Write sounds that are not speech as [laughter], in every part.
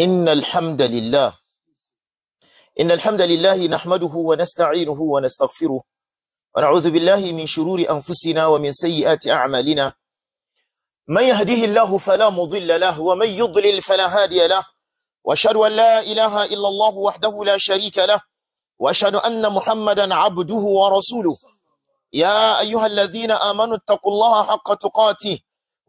إن الحمد لله إن الحمد لله نحمده ونستعينه ونستغفره ونعوذ بالله من شرور أنفسنا ومن سيئات أعمالنا من يهديه الله فلا مضل له ومن يضلل فلا هادي له وأشهد أن لا إله إلا الله وحده لا شريك له وأشهد أن محمدا عبده ورسوله يا أيها الذين آمنوا اتقوا الله حق تقاته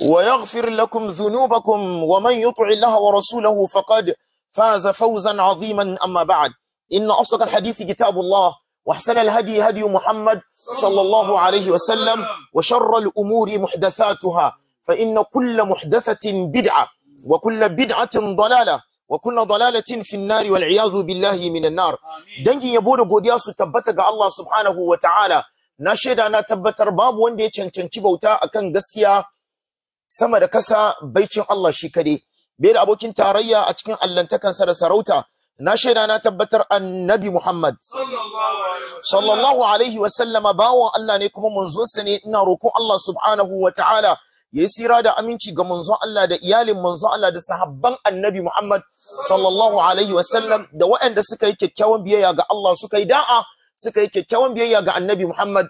ويغفر لكم ذنوبكم ومن يطع الله ورسوله فقد فاز فوزا عظيما أما بعد إن أصدق الحديث كتاب الله وأحسن الهدي هدي محمد صلى الله عليه وسلم وشر الأمور محدثاتها فإن كل محدثة بدعة وكل بدعة ضلالة وكل ضلالة في النار والعياذ بالله من النار دنجي يبور قدياس تبتك الله سبحانه وتعالى ناشد أنا تبتر باب وندي تنتنتبوتا أكن قسكيا sama da kasa baicin Allah shi kade bai da abokin tarayya a cikin allantakansa da sarauta na shaida na tabbatar annabi Muhammad sallallahu alaihi wa sallama bawon Allah ne kuma manzonsa ne ina roko Allah subhanahu wa ta'ala yayi sira da aminci ga manzon Allah da iyalin manzon Allah da sahabban annabi Muhammad sallallahu alaihi wa sallam da waɗanda suka yi kyakkyawan biyayya ga Allah suka yi da'a suka yi kyakkyawan biyayya ga annabi Muhammad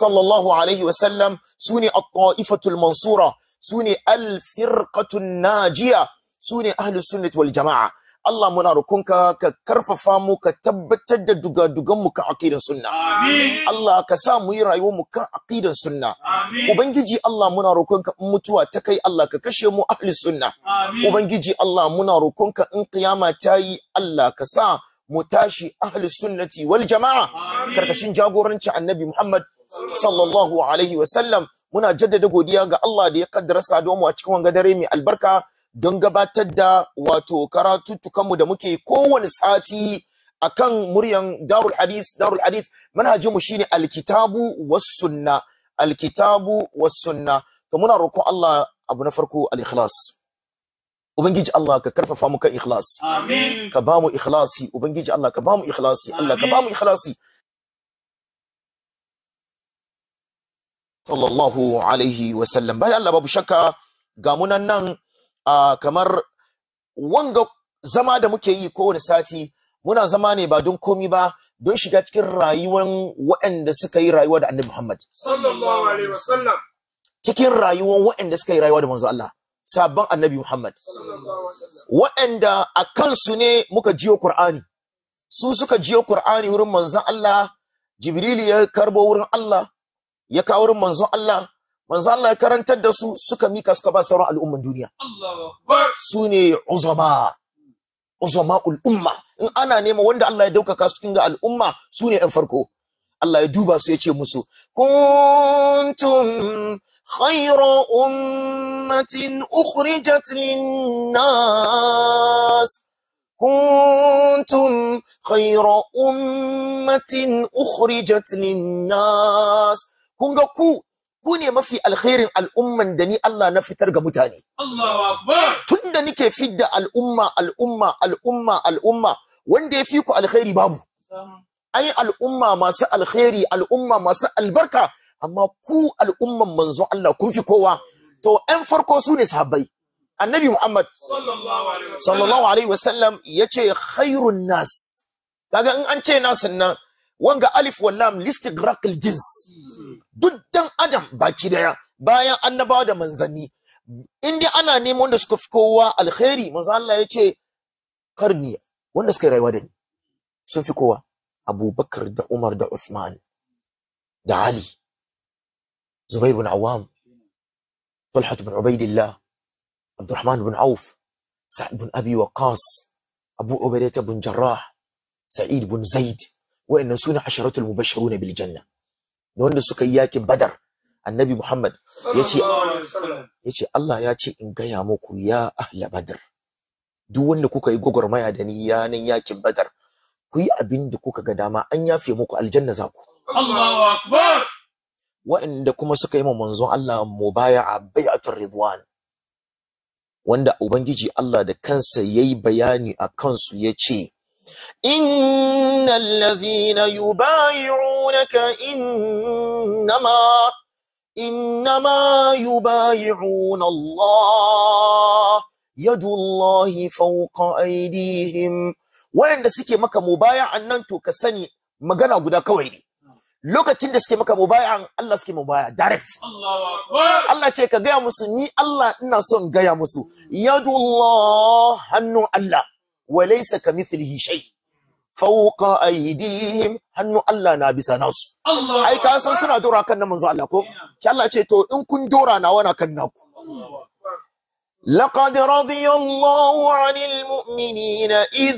sallallahu alaihi wa sallam sune a taifatul mansura su ne alfirqatun najiya su ne ahlus sunnati wal jama'a Allah muna rukunka ka karfafa mu ka tabbatar da dugadugan mu kan aqidan sunna Allah ka sa mu yi rayuwar mu kan aqidan sunna ubangiji Allah muna rukunka in mutuwa ta kai Allah ka kashe mu ahli sunna ubangiji Allah muna rukunka in kiyama ta yi Allah ka sa mu tashi ahli sunnati wal jama'a karkashin jagorancin annabi Muhammad sallallahu alaihi wa sallam muna jaddada godiya ga Allah da ya kaddara saduwa mu a cikin wanga dare mai albarka don gabatar da wato karatuttukan mu da muke kowane sati akan muryan Darul Hadith Darul Hadith manhajin mu shine alkitabu was sunna alkitabu was sunna to muna roƙon Allah abu na farko al-ikhlas Ubangiji Allah ka karfafa mu kan ikhlas. Amin. Ka ba mu ikhlasi, Ubangiji Allah ka ba mu ikhlasi, Allah ka ba mu ikhlasi. sallallahu alaihi wasallam bayan Allah babu shakka ga munan nan kamar wanga zama da muke yi kowane sati muna zama ne ba don komi ba don shiga cikin rayuwar waɗanda suka yi rayuwa da Annabi Muhammad sallallahu alaihi wasallam cikin rayuwar waɗanda suka yi rayuwa da manzo Allah sabon Annabi Muhammad waɗanda a kansu ne muka jiyo Qur'ani su suka jiyo Qur'ani wurin manzon Allah Jibrilu ya karbo wurin Allah ya kawo wurin manzon Allah manzon Allah ya karantar da su suka mika suka ba sauran al'umman duniya su ne uzama uzama umma in ana nema wanda Allah ya dauka su cikin al'umma su ne yan farko Allah ya duba su ya ce musu kuntum khayra ummatin ukhrijat lin-nas كنتم خير أمة أخرجت للناس kun ga ku ku ne mafi alkhairin al'umman da ni Allah na fitar ga mutane Allahu akbar tunda nike fidda al'umma al'umma al'umma al'umma wanda ya fi ku alkhairi babu ai al'umma masu alkhairi al'umma masu albarka amma ku al'umman manzo Allah kun fi kowa to ɗan farko su ne sahabbai annabi Muhammad sallallahu alaihi wasallam yace khairun nas kaga in an ce nasin nan wanga alif wallam lam listighraq jins duk adam baki daya bayan annaba da manzanni in ana neman wanda suka fi kowa alkhairi manzo Allah ya ce karni wanda suka yi rayuwa da ni sun fi kowa Abubakar da Umar da Usman da Ali Zubair bin Awam Talha bin Ubaidillah Abdurrahman bin Auf Sa'd bin Abi Waqas Abu Ubaidah bin Jarrah Sa'id bin Zaid wa'annan sune asharatul mubashshiruna bil janna da wanda suka yi yakin badar annabi muhammad yace yace Allah ya ce in gaya muku ya ahla badar duk wanda kuka yi gwagwarmaya da ni yanan yakin badar ku yi abin da kuka ga dama an yafe muku aljanna za ku Allahu akbar wa'anda kuma suka yi manzon Allah mubaya'a bai'atul ridwan wanda ubangiji Allah da kansa yayi bayani a kansu yace إن الذين يبايعونك إنما إنما يبايعون الله يد الله فوق أيديهم وين سكي مكة مبايع أنن تكسني مغانا غدا كويني lokacin da suke maka mubayan Allah suke mubaya direct Allah ce ka gaya musu ni Allah ina son gaya musu yadullah hannun Allah وليس كمثله شيء فوق ايديهم ان الله نا بيسا ناسو الله اي كان سنا دورا كان منزو الله كو شاء الله تشي تو ان كن دورا نا وانا كان ناكو لقد رضي الله عن المؤمنين اذ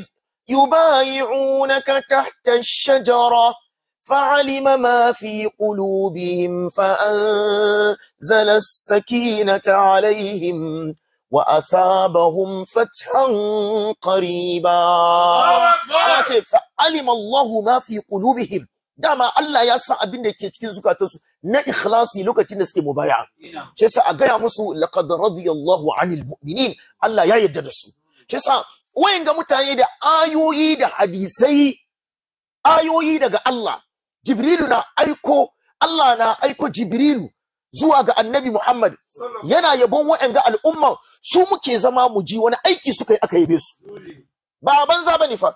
يبايعونك تحت الشجره فعلم ما في قلوبهم فأنزل السكينة عليهم وأثابهم فتحا قريبا أنا ce فعلم الله ما في قلوبهم dama Allah ya san abin da yake cikin zukatansu na ikhlasi lokacin da suke mubaya shi yasa a gaya musu laqad radiyallahu anil mu'minin Allah ya yarda da su shi yasa ga mutane da ayoyi da hadisai ayoyi daga Allah Jibrilu na aiko Allah na aiko Jibrilu zuwa ga annabi Muhammad yana yabon wa'anga al'umma su muke zama mu ji wani aiki suka yi aka yabe su ba banza bane fa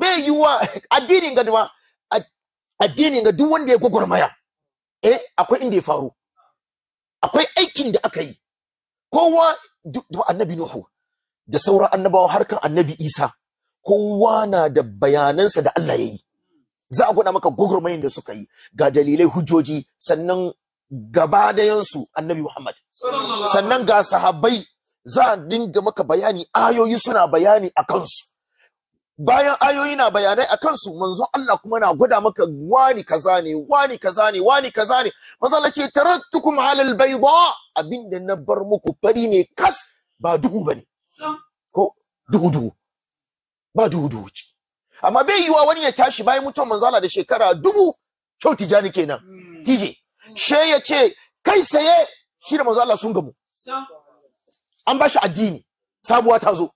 bai wa addinin ga duma addinin ga duk wanda ya gwagwarmaya eh akwai inda ya faru akwai aikin da aka yi kowa annabi Nuhu da sauran annabawa harkan annabi Isa kowa na da bayanansa da Allah ya yi za a gwada maka gwagwarmayin da suka yi ga dalilai hujjoji sannan gaba dayansu annabi Muhammad sannan ga sahabbai za a dinga maka bayani ayoyi suna bayani a kansu bayan ayoyi na bayanai a kansu manzo Allah kuma na gwada maka wani kaza ne wani kaza ne wani kaza ne mazala ce tarattukum alal bayda abinda na bar muku fari ne kas ba duhu bane ko duhu duhu ba duhu duhu ciki amma bai yiwa wani ya tashi bayan mutuwar manzo Allah da shekara dubu kyau tijani kenan hmm. tije she ya ce kai saye shi da manzo Allah sun gamu an ba shi addini sabuwa ta zo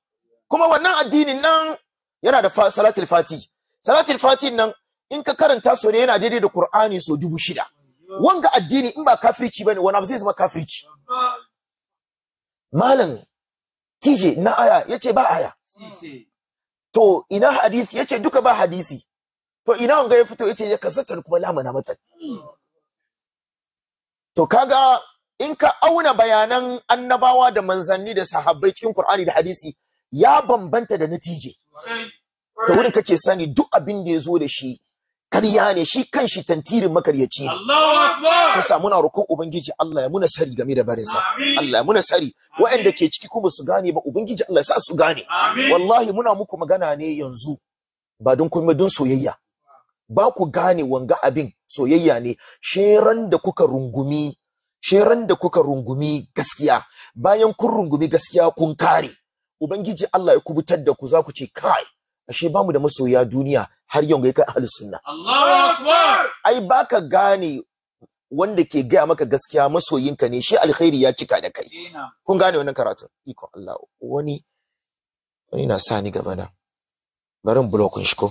kuma wannan addinin nan yana da salatul fati salatul fati nan in ka karanta so ne yana daidai da Qur'ani so dubu shida wanga addini in ba kafirci bane wani abu zai zama kafirci malam tije na aya yace ba aya to ina hadisi yace duka ba hadisi to ina wanga ya fito yace ya kasatar kuma lamana matan to kaga in ka auna bayanan annabawa da manzanni da sahabbai cikin Qur'ani da hadisi ya bambanta da natije ta wurin kake sani duk abin da ya zo da shi karya ne shi kan shi tantirin makaryaci ne shi sa muna roƙon ubangiji Allah ya muna sari game da barinsa Allah ya muna sari waɗanda ke ciki kuma su gane ba ubangiji Allah ya sa su gane wallahi muna muku magana ne yanzu ba don kuma don soyayya ba ku gane wanga abin soyayya ne sheran da kuka rungumi sheran da kuka rungumi gaskiya bayan kun rungumi gaskiya kun kare ubangiji Allah ya kubutar da ku za ku ce kai ashe bamu da masoya duniya har yau ga kai ahli sunna Allahu akbar ai baka gane wanda ke gaya maka gaskiya masoyinka ne shi alkhairi ya cika da kai eh, kun gane wannan karatun iko Allah wani wani na sani gaba na barin blokun shi ko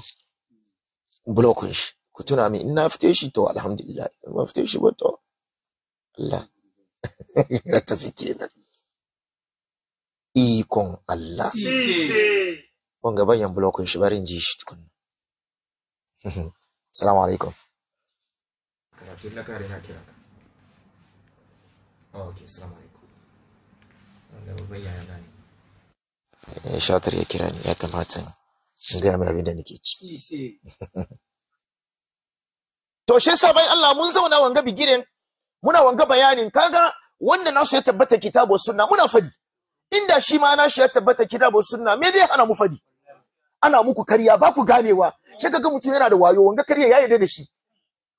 blokun shi ku tuna min in na fite shi to alhamdulillah in ba fite shi ba to Allah [laughs] ya tafi kenan ikon Allah ban gaban yan blokun shi barin ji shi tukun [laughs] Salamu alaikum karatun na kare na kira ka okay assalamu alaikum wanda babban yaya na ne eh, shatar ya kira ni ya kamata gaya mai abin da nake ciki [laughs] to shi sa bai Allah mun zauna wanga bigiren muna wanga bayanin kaga wanda nasu ya tabbata kitabu sunna muna fadi inda shi ma nashi ya tabbata kitabu sunna me zai hana mu fadi ana muku karya ba ku ganewa shi kaga mutum yana da wayo wanga karya ya yarda da shi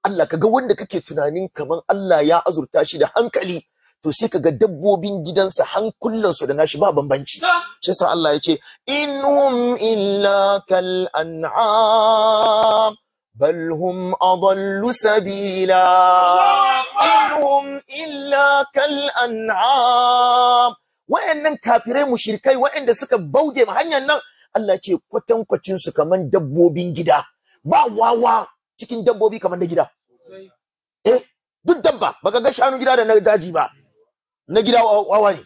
Allah kaga wanda kake tunanin kaman Allah ya azurta shi da hankali to sai kaga dabbobin gidansa hankulan su da nashi ba bambanci shi yasa Allah yace inhum illa kal an'am بل هم sabila, سبيلا إنهم إلا an'am" Wayannan kafirai mushrikai wayanda suka baude ma hanyar nan Allah ce kwatankwacin su kaman dabbobin gida ba wawa cikin dabbobi kaman na gida eh duk dabba baka ga shanu gida da na daji ba na gida wawa ne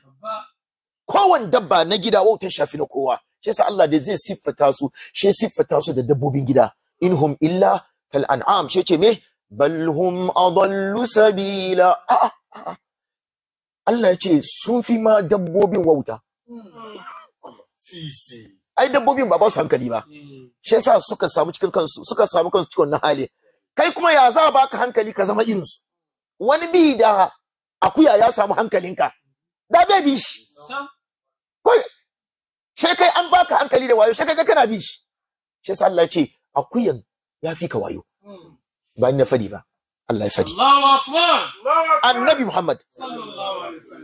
kowane dabba na gida ta shafi na kowa shi yasa Allah da zai siffata su shi siffata su da dabbobin gida inhum illa kal an'am shi yace me bal hum adallu sabila Allah yace sun fi ma dabbobin wauta ai dabbobin ba ba su hankali ba shi yasa suka samu cikin kansu suka samu kansu cikin na hali kai kuma ya za baka hankali ka zama irinsu wani bi da akuya ya samu hankalinka da bai bi shi sai kai an baka hankali da wayo sai kai kana bi shi shi yasa Allah ya ce akuyan ya fi ka wayo ba ni na fadi ba Allah ya fadi annabi Muhammad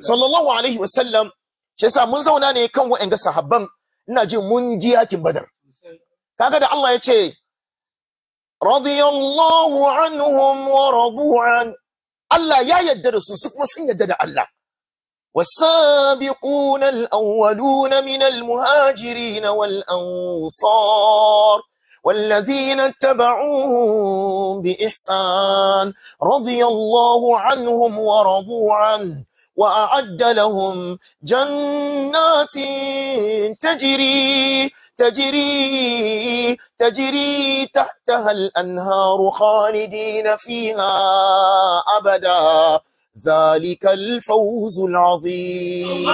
sallallahu alaihi wasallam shi yasa mun zauna ne kan wa'anga sahabban ina ji mun ji yakin badar kaga da Allah ya ce radiyallahu anhum wa radu الله يا yadda da su su الله والسابقون الأولون من المهاجرين والأنصار والذين اتبعوهم بإحسان رضي الله عنهم ورضوا عنه وأعد لهم جنات تجري تجري تجري تحتها الأنهار خالدين فيها أبدا ذلك الفوز العظيم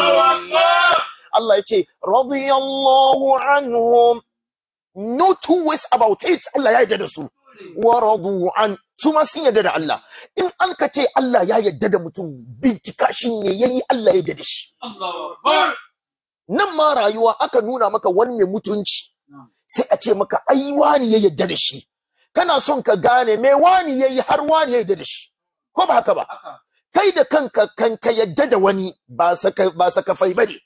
الله يجي رضي الله عنهم no two ways about it Allah ya yarda da su wa an su ma sun yarda da Allah in an ka ce Allah ya yarda da mutum bincika shi ne yayi Allah ya yarda da shi Allahu akbar nan ma rayuwa aka nuna maka wani mai mutunci sai a ce maka ai wani ya yadda da shi kana son ka gane me wani ya yi har wani ya yadda da shi ko ba haka ba kai da kanka kan ka yadda da wani ba saka ba saka fai bane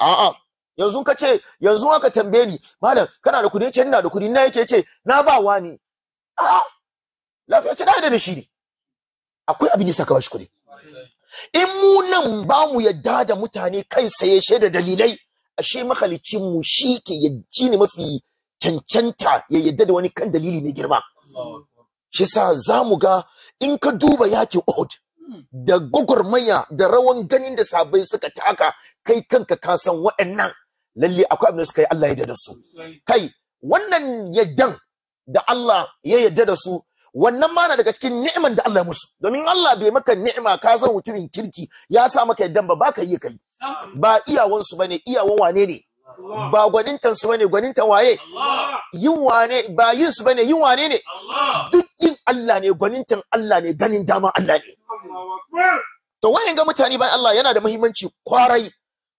a'a yanzu ka ce yanzu aka tambaye ni malam kana da kudi ce ina da kudi na yake ce na ba wani a'a lafiya ce na yadda da shi ne akwai abin da saka bashi kudi in mu nan ba mu yadda da mutane kai tsaye shaida dalilai ashe mahalicin mu shi ke yadda ne mafi cancanta ya yadda da wani kan dalili mai girma shi zamu za ga in ka duba yakin Uhud da gwagwarmaya da rawan ganin da sabai suka taka kai kanka ka san waɗannan lalle akwai abin da suka yi Allah ya yarda da su kai wannan yaddan da Allah ya yarda da su wannan ma na daga cikin ni'iman da Allah ya musu domin Allah bai maka ni'ima ka zan mutumin kirki ya sa maka yaddan ba baka yi kai ba iyawan su bane iyawan wane ne ba gwanintan su bane gwanintan waye yin wane ba yin su bane yin wane ne duk yin Allah ne gwanintan Allah ne ganin dama Allah ne to wayan ga mutane bayan Allah yana da muhimmanci kwarai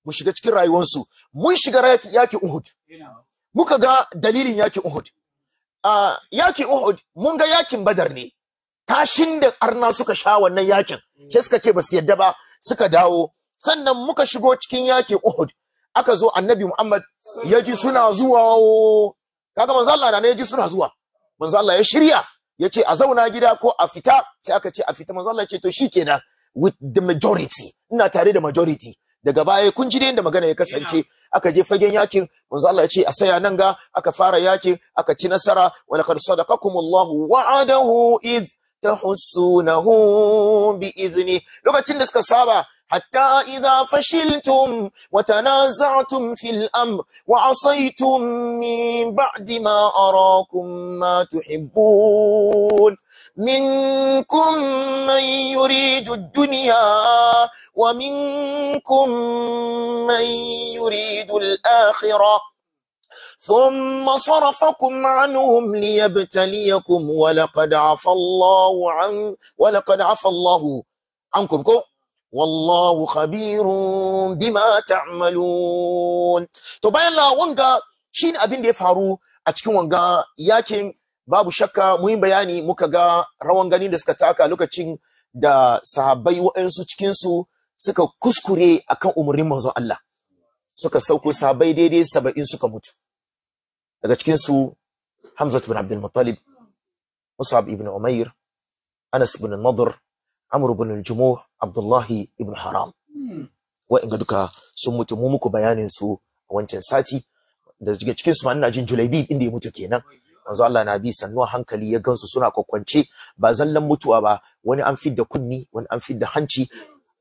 mu shiga cikin rayuwarsu mun shiga yaki Uhud muka ga dalilin yaki Uhud yakin Uhud mun ga yakin Badar ne tashin da arna suka sha wannan yakin mm. sai suka ce ba su yadda ba suka dawo sannan muka shigo cikin yakin Uhud aka zo Annabi Muhammad ya ji suna zuwa kaga manzo Allah ne ya ji suna zuwa manzo Allah ya shirya ya ce a zauna gida ko a fita sai aka ce a fita manzo Allah ya ce to shikenan with the majority ina tare da majority daga baya kun ji yadda magana ya kasance aka je fagen yakin manzo Allah ya ce a saya nan ga aka fara yakin aka ci nasara wa laqad sadaqakumullahu wa'adahu ta tahussunahu bi izini. lokacin da suka saba حتى إذا فشلتم وتنازعتم في الأمر وعصيتم من بعد ما أراكم ما تحبون منكم من يريد الدنيا ومنكم من يريد الآخرة ثم صرفكم عنهم ليبتليكم ولقد عفى الله عن ولقد عفى الله عنكم wallahu khabirun bima ta'malun to bayan la wanga shine abin da ya faru a cikin wanga yakin babu shakka muyin bayani muka ga rawan gani da suka taka lokacin da sahabbai waɗansu cikinsu suka kuskure akan umarnin manzon Allah suka sauko sahabbai daidai saba'in suka mutu daga cikin su Hamza ibn Abdul Muttalib Mus'ab ibn Umair Anas ibn Nadr amr ibn jumuh abdullahi ibn haram hmm. wa'inga duka sun mutu mu muku bayanin su a wancan sati da daga cikin su ma ina jin julaibi inda ya mutu kenan manzo Allah na bi sannu hankali ya gansu suna kwakwance ba zallan mutuwa ba wani an fidda kunni wani an fidda hanci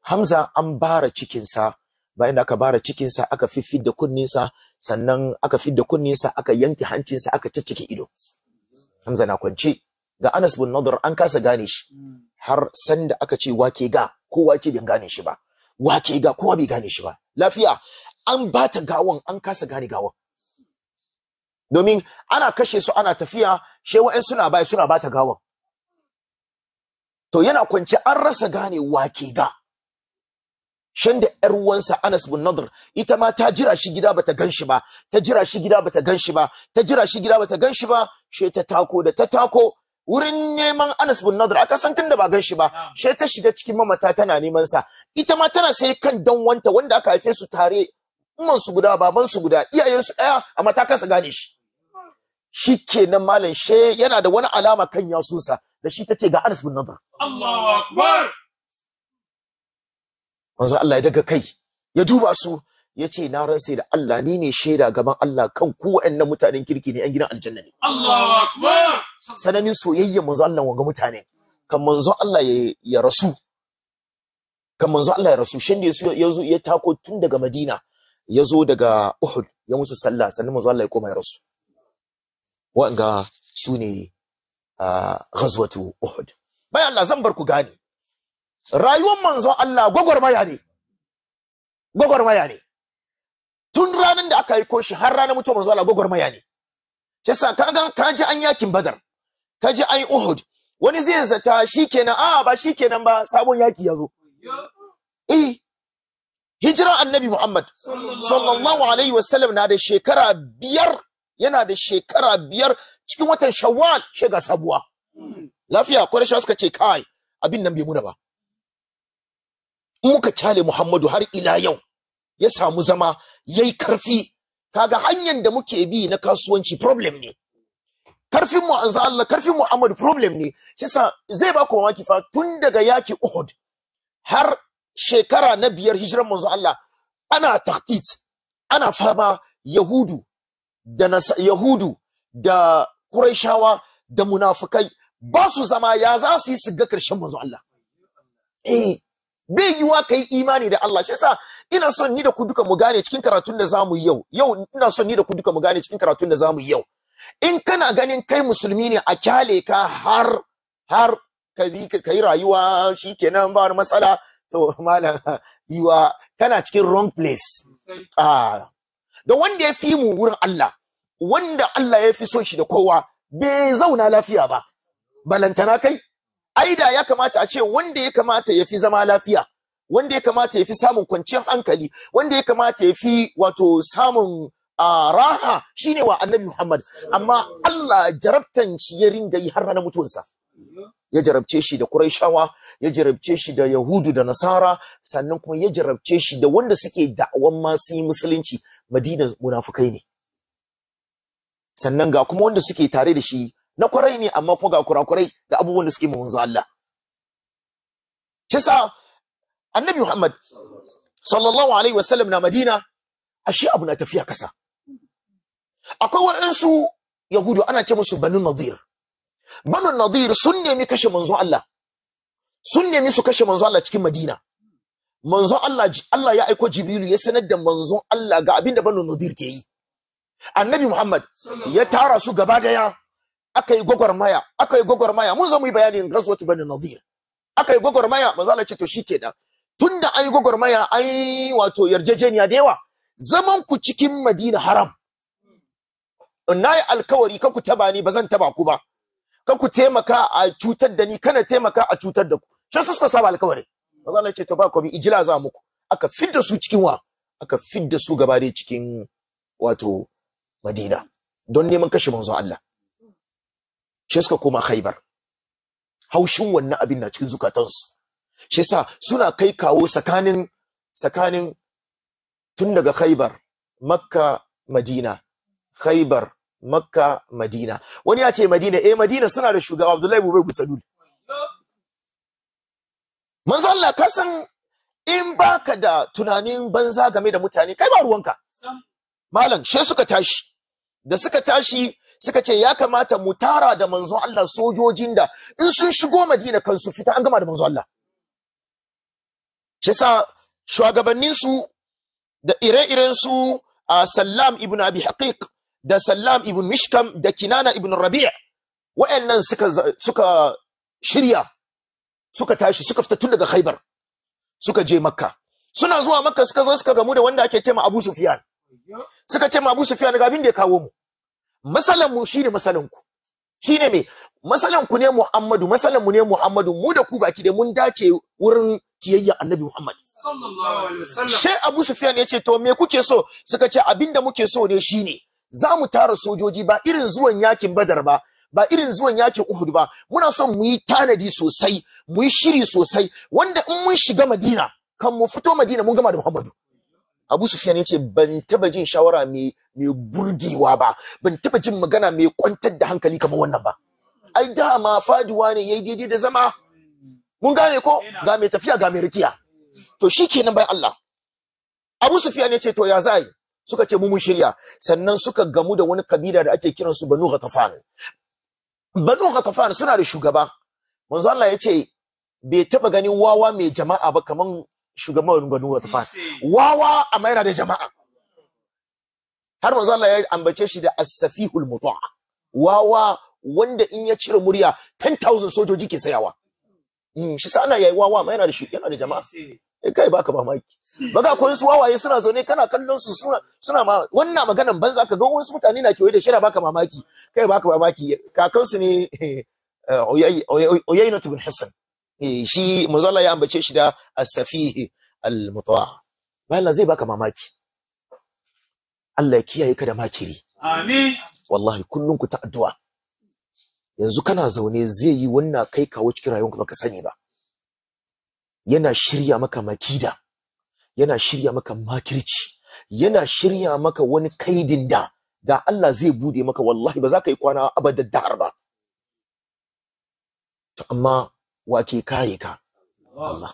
Hamza an bara cikinsa bayan da aka bara cikinsa aka kunnin kunninsa sannan aka fidda kunninsa aka yanke sa aka ciccike ido Hamza na kwance ga Anas bin Nadir an kasa gane shi hmm. har sanda aka ce wake ga kowa ce bai gane shi ba wake ga kowa bai gane shi ba lafiya an ba ta gawan an kasa gane gawan domin ana kashe su ana tafiya she wa'en suna bai suna bata gawan to yana kwance an rasa gane wake ga shan da ƴar uwansa Anas bin Nadr ita ma ta jira shi gida bata ganshi ba ta jira shi gida bata ganshi ba ta jira shi gida bata ganshi ba she ta tako da ta tako wurin neman Anas bin Nadir aka san tunda ba gan shi ba sai ta shiga cikin mamata tana neman sa ita ma tana sai kan danwanta wanda aka haife su tare umman su guda baban su guda iyayen su daya amma ta kasa gane shi shikenan malam she yana da wani alama kan yasunsa da shi tace ga Anas bin Nadir Allahu akbar manzo Allah ya daga kai ya duba su ya ce na ransa da Allah ni ne shaida gaban Allah kan ku wa'annan mutanen kirki ne 'yan gidan aljanna ne Allahu akbar sananin soyayya manzo Allah wanga mutane kan manzo Allah ya rasu kan manzo Allah ya rasu shin da ya zo ya tako tun daga Madina ya zo daga Uhud ya musu sallah sannan manzo Allah ya koma ya rasu wanga su ne ghazwatu Uhud bai Allah zan bar ku gane rayuwar manzo Allah gwagwarmaya ne gwagwarmaya ne tun ranar da aka yi koshi har ranar mutuwar manzo Allah gwagwarmaya ne shi yasa kaga ka ji an yakin Badar kaji an Uhud wani zai zata shikenan a ah, ba shikenan ba sabon yaki yazo eh hijira annabi Muhammad sallallahu alaihi wasallam na da shekara biyar yana da shekara biyar cikin watan Shawwal ce sabuwa lafiya Quraysh suka ce kai abin nan bai muna ba muka cale Muhammadu har ila yau ya samu zama yayi karfi kaga hanyar da muke bi na kasuwanci problem ne karfin mu anza Allah karfin mu Muhammad problem ne yasa zai ba ku mamaki fa tun daga yaki Uhud har shekara na biyar hijiran manzo Allah ana taktit ana fama Yahudu da Yahudu da quraishawa da munafikai ba su zama ya za su yi su ga karshen manzo Allah eh bai yiwa kai imani da Allah shi yasa ina son ni da ku duka mu gane cikin karatun da zamu yau yau ina son ni da ku duka mu gane cikin karatun da zamu yau in kana ganin kai musulmi ne a kyale ka har har ka yi rayuwa shikenan ba wani matsala to malam [laughs] yiwa kana cikin wrong place ah. da wanda ya fi mu wurin Allah wanda Allah ya fi son shi da kowa bai zauna lafiya ba balantana kai Aida ya kamata a ce wanda ya kamata ya fi zama lafiya wanda ya kamata ya fi samun kwanciyar hankali wanda ya kamata ya fi wato samun a raha shine wa annabi Muhammad amma Allah jarabtan shi ya ringa yi har ranar mutuwarsa ya jarabce shi da Qurayshawa ya jarabce shi da Yahudu da Nasara sannan kuma ya jarabce shi da wanda suke da'awan ma su yi musulunci Madina munafukai ne sannan ga kuma wanda suke tare da shi na kwarai ne amma kuma ga kurakurai da abubuwan da suke manzo Allah kisa annabi Muhammad sallallahu alaihi wasallam na Madina ashe abu na tafiya kasa akwai waɗansu yahudu ana ce musu banu nadir banu nadir sun nemi kashe manzo Allah sun nemi su kashe manzo Allah cikin Madina manzo Allah Allah ya aiko Jibrilu ya sanar da manzo Allah ga abin da banu nadir ke yi annabi Muhammad ya tara su gaba daya aka yi gwagwarmaya aka yi gwagwarmaya mun zo mu yi bayanin ghazwat banu nadir aka yi gwagwarmaya manzo Allah ce to shi shikenan tunda an yi gwagwarmaya an yi wato yarjejeniya da yawa zaman ku cikin Madina haram na yi alkawari ka ku taba ni ba zan taba ku ba ka ku taimaka a cutar da ni kana taimaka a cutar da ku shi suka saba alkawari ba zan ce to ba ku bi ijila za muku aka fidda su cikin wa aka fidda su gaba dai cikin wato Madina don neman kashe manzo Allah shi suka koma Khaibar haushin wannan abin na cikin zukatansu shi yasa suna kai kawo tsakanin tsakanin tun daga Khaibar Makka Madina Khaibar makka madina wani ya ce madina eh madina suna da shugaba abdullahi bubai gusadul manzo Allah ka san in baka da tunanin banza game da mutane kai ba ruwanka malam she suka tashi da suka tashi suka ce ya kamata mu tara da manzo Allah sojojin da in sun shigo madina kansu fita an gama da manzo Allah shi shugabannin shugabanninsu da ire iren su a Sallam ibn Abi Haqiq da Sallam ibn Mishkam da Kinana ibn Rabi'a wayannan suka suka shirya suka tashi suka fita tun daga Khaibar suka je Makka suna zuwa Makka suka zo suka gamu da wanda ake cewa Abu Sufyan suka ce Abu Sufyan ga abin da ya kawo mu masalan mu shine masalan ku shine me masalan ku ne Muhammadu masalan mu ne Muhammadu mu da ku baki da mun dace wurin kiyayya Annabi Muhammad sallallahu alaihi wasallam Abu Sufyan ya ce to me kuke so suka ce abinda muke so ne shine za mu tara sojoji ba irin zuwan yakin badar ba ba irin zuwan yakin uhud ba muna son mu yi tanadi sosai mu yi shiri sosai wanda in mun shiga madina kan mu fito madina mun gama da muhammadu Abu sufiyan ya ce ban taba jin shawara mai burgewa ba, ban taba jin magana mai kwantar da hankali kamar wannan ba. Ai dama faduwa ne yayi daidai da zama. Mun gane ko ga mai tafiya ga mai rikiya. To shikenan bai Allah. Abu Sufyan ya ce to ya zai suka ce mu mun shirya sannan suka gamu da wani kabila da ake kiransu banu ghatafan banu ghatafan suna da shugaba manzo Allah ya ce bai taba ganin wawa mai jama'a ba kaman shugaban banu ghatafan wawa amma yana da jama'a har manzo Allah ya ambace shi da as-safihul muta'a wawa wanda in ya cire murya 10000 sojoji ke sayawa hmm, shi sa ana yayi wawa amma yana da yana da jama'a eh kai baka mamaki baka kun su wawaye suna zaune kana kallon su suna suna ma wannan maganan banza ka ga wasu mutane na kewaye da shira baka mamaki kai baka mamaki kakan su ne Uyayna eh, bin Hassan eh, shi mazalla ya ambace shi da as-safih al-mutawa zai baka mamaki Allah ya kiyaye ka da makiri amin wallahi kullun ku ta addu'a yanzu kana zaune zai yi wannan kai kawo cikin rayuwarka baka sani ba yana shirya maka makida yana shirya maka makirci yana shirya maka wani kaidin da da Allah zai bude maka wallahi ba za ka yi kwana da har ba to amma wa ke kare ka Allah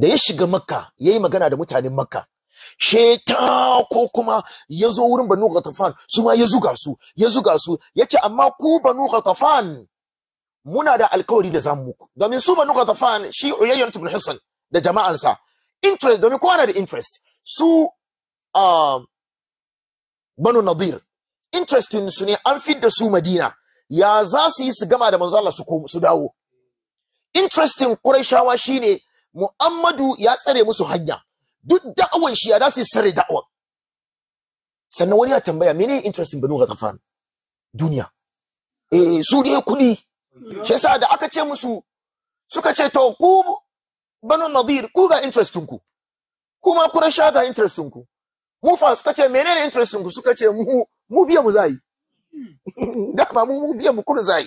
da ya shiga makka ya yi magana da mutanen makka sheta ko kuma ya zo wurin banu ghatafan su ma ya zuga su ya zuga su ya ce amma ku banu ghatafan muna da alkawari da zamu muku domin su banu gatafan shi uyayyan ibn hisan da jama'an sa. interest domin kowa na da interest su um, banu nadir interestin su ne an fidda su madina ya za su yi su gama da manzo Allah su su dawo interestin quraishawa shine muhammadu ya tsare musu hanya duk da'awan shi ya dace sare da'awan sannan wani ya tambaya menene interestin banu gatafan duniya eh su dai kudi shi yasa da aka ce musu suka ce to ku banu nadir ku ga interestin ku kuma kurasha ga interestin ku mu fa suka ce menene interestin ku suka ce mu mu biya mu zai [laughs] dama mu mu biya mu kun zai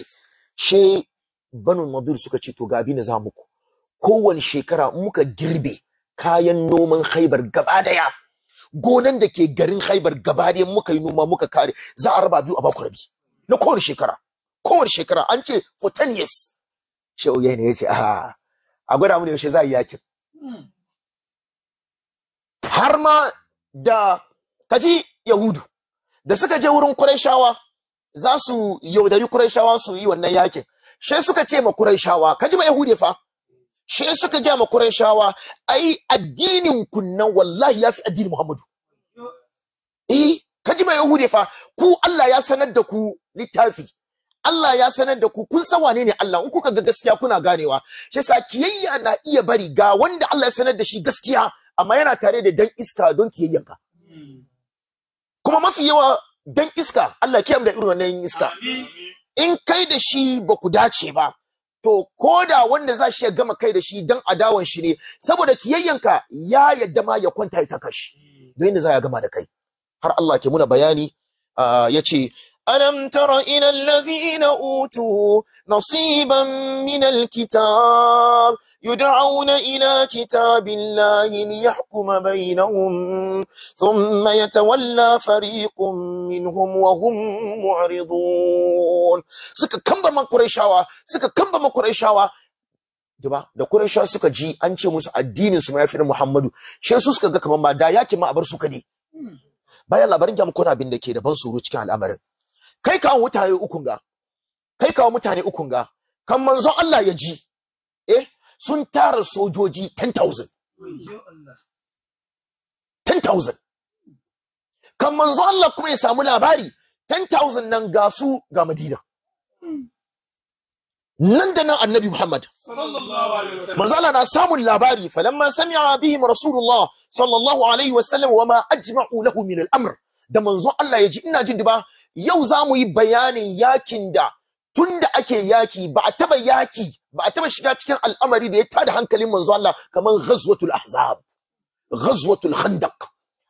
she banu nadir suka ce to gabi na zamu ku. kowane shekara muka girbe kayan noman haibar gaba daya gonan da ke garin haibar gaba daya muka yi noma muka kare za a raba biyu a baku rabi na kowane shekara kowace shekara an ce for ten years shi uye ne ce a a gwada mu yaushe za a yi yakin hmm. har ma da kaji yahudu da suka je wurin kuraishawa za su yaudari kuraishawa su yi wannan yakin she suka ce ma Qurayshawa kaji ma yahude fa she suka ga ma Qurayshawa ai addinin kunnan wallahi yafi addinin Muhammadu eh kaji ma yahude fa ku Allah ya sanar da ku littafi Allah ya sanar da ku kun san wane ne Allah in kuka ga gaskiya kuna ganewa shi yasa kiyayya na iya bari ga wanda Allah ya sanar da shi gaskiya amma yana tare da dan iska don kiyayyan ka kuma mafi yawa dan iska Allah kiyam da irin wannan iska in kai da shi ba ku dace ba to ko da wanda za shi ya gama kai da shi dan adawan shi ne saboda kiyayyan ka ya yadda ma ya kwanta ya taka don yadda za ya gama da kai har Allah ke muna bayani ah, ya ce ألم تر إلى الذين أوتوا نصيبا من الكتاب يدعون إلى كتاب الله ليحكم بينهم ثم يتولى فريق منهم وهم معرضون سكا كمبا ما قريشاوا سكا كمبا ما قريشاوا duba da Qurayshawa suka ji an ce musu addinin su ma yafi na Muhammadu she su suka ga kaman ma da yaki ma a bar su kade bayan labarin jam da ke da ban suru cikin al'amarin kai kawo mutane ukun ga kai kawo mutane ukun ga kan manzon Allah ya ji eh sun tara sojoji 10000 10000 kan manzon Allah kuma ya samu labari 10000 nan ga su ga Madina nan da nan annabi Muhammad manzala na samun labari falamma sami'a bihim rasulullah sallallahu alaihi wasallam wama ajma'u lahu min al-amr da manzon Allah ya ji ina jin duba yau za mu yi bayanin yakin da tun da ake yaki ba a taba yaki ba a taba shiga cikin al'amari da ya tada hankalin manzon Allah kamar ghazwatul ahzab ghazwatul khandaq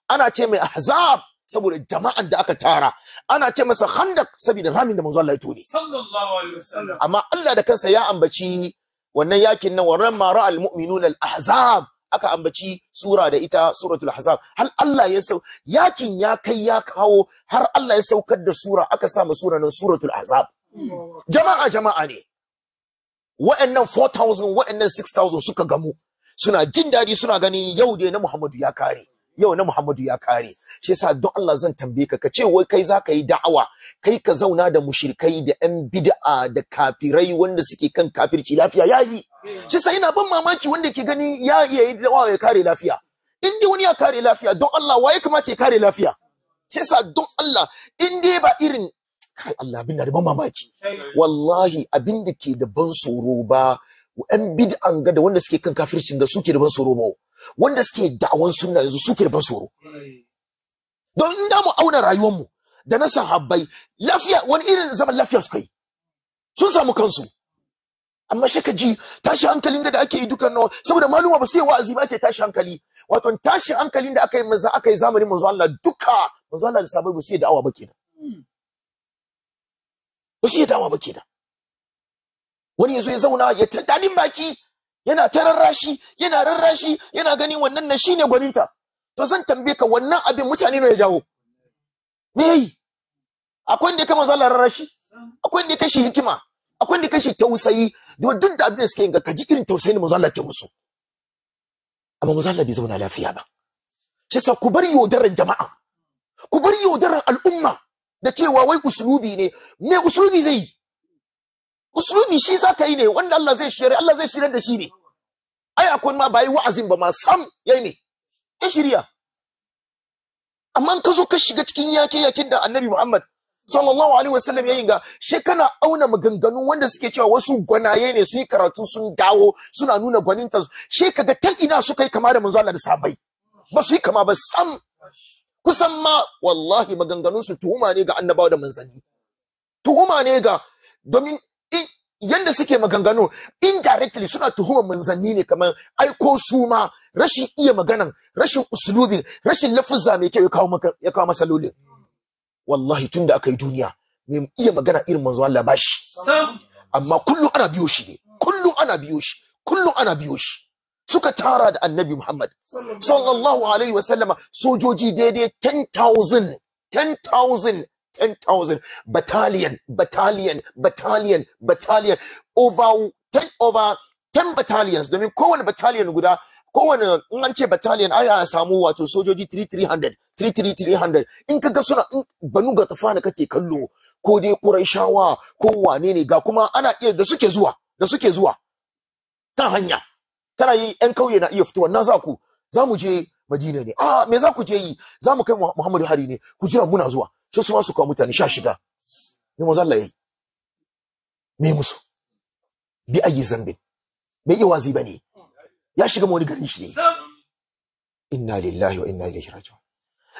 ana ce mai ahzab saboda jama'an da aka tara ana ce masa khandaq saboda ramin da manzon Allah ya tone sallallahu alaihi wasallam amma Allah da kansa ya ambaci wannan yakin nan warran ma ra'al mu'minuna al ahzab aka ambaci sura da ita suratul hazab har Allah ya sau yakin ya kai ya kawo har Allah ya saukar da sura aka sa ma sura nan suratul azab jama'a jama'a ne wa'annan 4000 wa'annan 6000 suka gamu suna jin dadi suna ganin yau dai na Muhammadu ya kare yau na Muhammadu ya kare shi yasa don Allah zan tambaye ka kace wai kai zaka yi da'awa kai ka zauna da mushrikai da yan bid'a da kafirai wanda suke kan kafirci lafiya yayi shi sai ina ban mamaki wanda ke gani ya iya yi dawa ya kare lafiya in dai wani ya kare lafiya don Allah wa ya kamata ya kare lafiya shi sa don Allah in dai ba irin kai Allah abin da ban mamaki wallahi abin da ke da ban tsoro ba yan bid'an ga da wanda suke kan kafircin da suke da ban tsoro ba wanda suke da'awan sunna yanzu suke da ban tsoro don in da mu auna rayuwar mu da na sahabbai lafiya wani irin zaman lafiya suka yi sun samu kansu amma shaka ka ji tashi hankalin da ake yi dukan nawa saboda maluma ba sai wa'azi ba ake tashi hankali wato tashi hankalin da aka yi manzo aka yi zamanin manzo Allah duka manzo Allah da sabai ba su yi da'awa ba kenan ba su yi da'awa ba kenan wani yazo ya zauna ya tadin baki yana ta yana rarrashi yana gani wannan na shine gwaninta to zan tambaye ka wannan abin mutane ne ya jawo me yayi akwai inda ka manzo Allah rarrashi akwai inda ka shi hikima akwai inda ka shi tausayi duk duk da abin da suke yin ka irin tausayin da manzo ke musu amma manzo bai zauna lafiya ba shi sa ku bar yaudaran jama'a ku bar yaudaran al'umma da cewa wai uslubi ne me uslubi zai yi uslubi shi za ka yi ne wanda Allah zai shirya Allah zai shirya da shi ne ai akwai ma bai wa'azin ba ma sam yayi ne ya shirya amma ka zo ka shiga cikin yake yakin da Annabi Muhammad sallallahu alaihi wasallam yayin ga she kana auna maganganu wanda suke cewa wasu gwanaye ne su yi karatu sun dawo suna nuna gwaninta she kaga ta ina sukayi kai kama da manzo Allah da sabai ba su yi kama ba sam kusan ma wallahi maganganun su tuhuma ne ga annabawa da manzanni tuhuma ne ga domin yanda suke maganganu indirectly suna tuhumar manzanni ne kamar aiko su ma rashin iya maganan rashin uslubin, rashin lafuzza mai kyau ya kawo masaloli. wallahi tun da aka yi duniya mai iya magana irin manzo Allah ba shi amma kullum ana biyo shi ne kullum ana biyo shi kullum ana biyo shi suka tara da annabi Muhammad sallallahu alaihi wa sallama sojoji daidai 10000 10000 10,000 battalion, battalion, battalion, battalion, over 10 over 10 battalions domin kowane battalion guda kowane in an ce battalion ai a samu wato sojoji 3300 3300 in ka ga suna in banu ga tafana kake kallo ko dai kuraishawa ko wane ne ga kuma ana iya da suke zuwa da suke zuwa ta hanya tana yi yan kauye na iya fitowa na za ku za mu je Madina ne ah me za ku je yi za mu kai Muhammadu Hari ne ku jira muna zuwa shi su ma su kawo mutane sha shiga ne mazalla yayi me musu bi ayi zambin bai iya wazi ba ne ya shiga wani garin shi ne inna lillahi wa inna ilaihi raji'un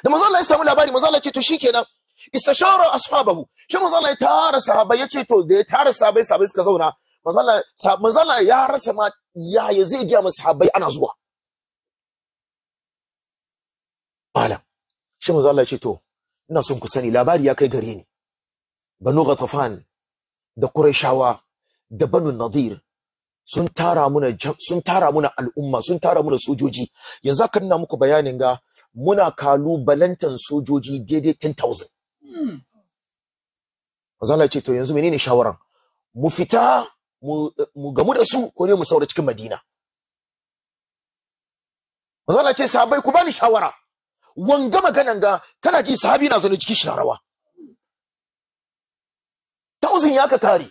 da manzo ya samu labari manzo ce to shikenan istashara ashabahu shi manzo Allah ya tara sahabbai ya ce to da ya tara sahabbai sahabbai suka zauna manzo ya rasa ma ya ya zai ga masa sahabbai ana zuwa malam shi manzo ya ce to ina son ku sani labari ya kai gare ni banu ghatafan da qurayshawa da banu nadir sun tara muna sun tara muna al'umma sun tara muna sojoji yanzu aka nuna muku bayanin ga muna kalubalantan sojoji daidai 10000 hmm. Mazala ce to yanzu menene shawaran mu fita mu gamu da su ko ne mu saura cikin Madina Mazala ce sabai ku bani shawara wanga maganan ga kana ji sahabi na zaune cikin sharawa thousand ya ka kare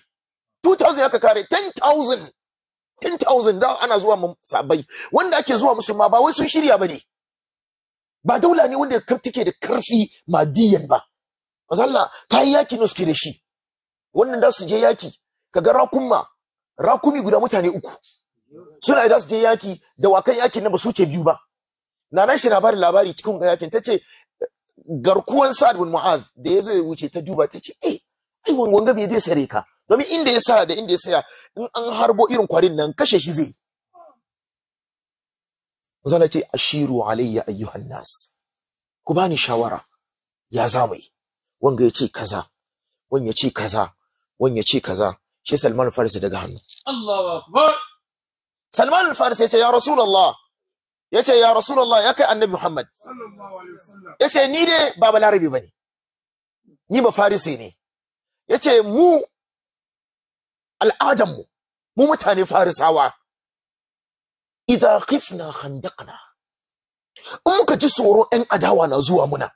2000 ya ka kare 10000 10,000 da ana zuwa sabai wanda ake zuwa musu ma ba wai sun shirya bane ba daula ne wanda take da karfi madiyan ba mazalla ta yaki ne suke da shi wannan da su je yaki kaga rakumma rakumi guda mutane uku suna da su je yaki da wakan yakin na ba su ce biyu ba nana shi labari da labari cikin yakin tace garkuwan Sa'ad bin Mu'az da yazo ya wuce ta duba tace eh ai wanga me zai sare ka domin inda ya sa da inda ya saya in an harbo irin kwarin nan kashe shi zai zana ce ashiru alayya ayyuhan nas ku bani shawara ya zamai wanga ya ce kaza wani ya ce kaza wani ya ce kaza shi Salman Farisi daga hannu salman al Salman Farisi ya ce ya Rasulallah, ya ce ya Rasulallah ya kai Annabi Muhammad ya ce ni dai ba ne, ni ba farisi ne ya ce mu al'adan mu mutane farisawa idza khifna khandaqna in muka ji tsoro ɗan adawa na zuwa muna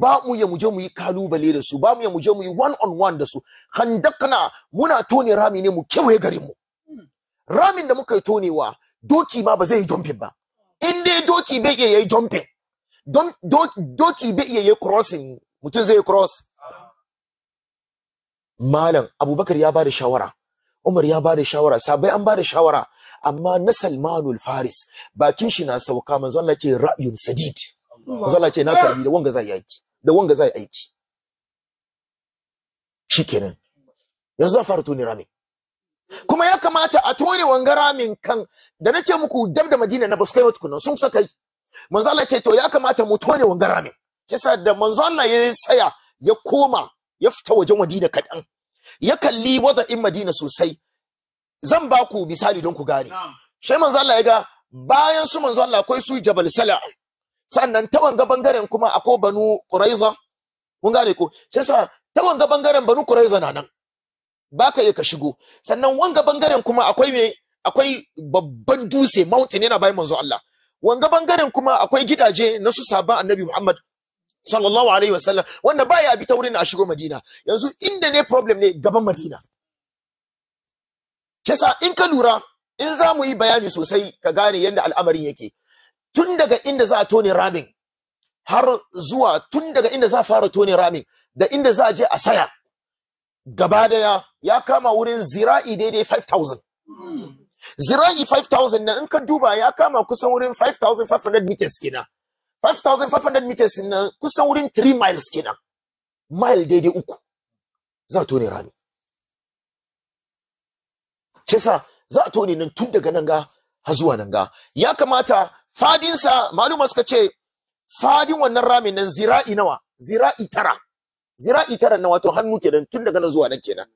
ba mu ya muje mu yi kalubale da su ba mu ya muje mu yi one on one da su handakna muna tone rami ne mu kewaye garin mu ramin da muka yi tonewa doki ma ba zai yi jumping ba in dai doki bai iya yayi jumping don doki bai iya yayi crossing mutum zai cross malam abubakar ya bada shawara Umar ya bada shawara sabai an bada shawara amma na Salmanul Faris bakin shi na sauka manzo Allah ce ra'yun sadid manzo Allah ce na karbi da wanga zai aiki da wanga zai aiki shikenan yanzu fara tuni rami kuma ya kamata a tone wanga ramin kan da nace muku dab da Madina na baskai mutukunan sun sakai manzo Allah ce to ya kamata mu tone wanga ramin kisa da manzo Allah ya tsaya ya koma ya fita wajen Madina kadan ya kalli wada'in Madina sosai zan ba ku misali don ku gane sai manzo Allah ya ga bayan su manzo Allah akwai su Jabal Sala sannan ta wanga bangaren kuma akwai Banu Quraiza mun gane ko sai sa ta wanga bangaren Banu Quraiza na nan baka yi ka shigo sannan wanga bangaren kuma akwai me akwai babban dutse mountain yana bayan manzo Allah wanga bangaren kuma akwai gidaje na su sabon Annabi Muhammad sallallahu alaihi wasallam wanda baya bi ta wurin a shigo Madina yanzu inda ne problem ne gaban Madina kisa in ka lura in za mu yi bayani sosai ka gane yadda al'amarin yake tun daga inda za a tone ramin har zuwa tun daga inda za a fara tone ramin da inda za a je a saya gaba daya ya kama wurin zira'i daidai 5000 zira'i 5000 na in ka duba ya kama kusan wurin 5500 meters kenan 5500 meters nan kusa wurin 3 miles kenan mile daidai uku za to ne rami shi sa za a tone nan tun daga nan ga har zuwa nan ga ya kamata fadinsa maluma suka ce fadin wannan ramin nan zira'i nawa zira'i tara zira'i tara na wato hannu kenan tun daga nan zuwa nan kenan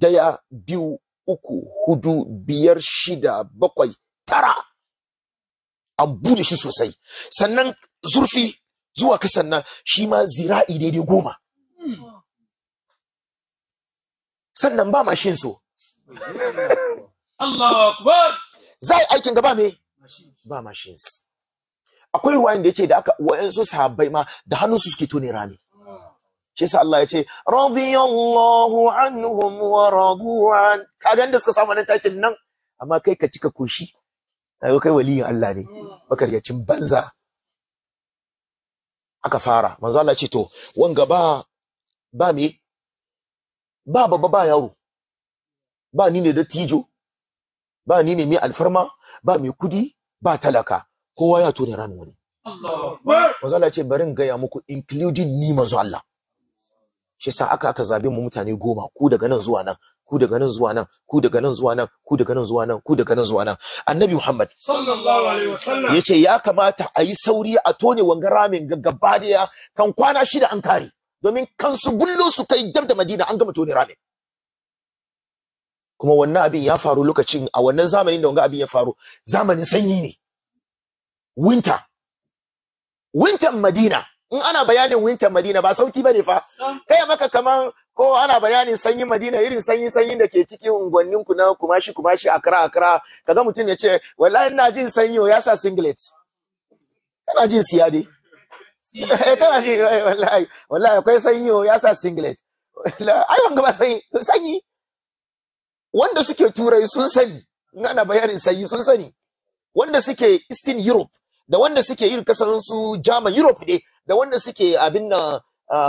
daya biyu uku hudu biyar shida bakwai tara a bude shi sosai sannan zurfi zuwa kasan nan shi ma zira'i daidai goma sannan ba mashin so za a yi aikin gaba me ba su akwai wayan da ya ce da aka wayansu sahabbai ma da hannun su suke tone rami shi sa Allah yace radiyallahu anhum wa radu an kaga inda suka samu nan nan amma kai ka cika koshi na kai waliyin Allah ne makaryacin banza aka fara manzo Allah ce to wanga ba ba me ba baba ba yaro ba ni ne da ba ni ne mai alfarma ba mai kudi ba talaka kowa ya tone ran wani manzo Allah ce bari in gaya muku including ni manzo Allah shi yasa aka aka zabe mu mutane goma ku daga nan zuwa nan ku daga nan zuwa nan ku daga nan zuwa nan ku daga nan zuwa nan ku daga nan zuwa nan annabi muhammad sallallahu alaihi wasallam yace ya kamata a yi sauri a tone wanga ramin gaba daya kan kwana shida an kare domin kansu bullo su kai dab da madina an gama tone ramin kuma wannan abin ya faru lokacin a wannan zamanin da wanga abin ya faru zamanin sanyi ne winter winter madina in ana bayanin winter Madina ba sauki bane fa ah. kai maka kaman ko ana bayanin sanyin Madina irin sanyi sanyin da ke cikin unguwannin ku na kumashi kumashi akra akra kaga mutum ya ce wallahi ina jin sanyi ya sa singlet kana jin siya dai [laughs] kana ji wallahi wallahi akwai sanyi ya sa singlet [laughs] ai wanga ba sanyi sanyi wanda suke turai sun sani in ana bayanin sanyi sun sani wanda suke Eastern Europe da wanda suke irin kasan su German Europe dai da wanda suke abin na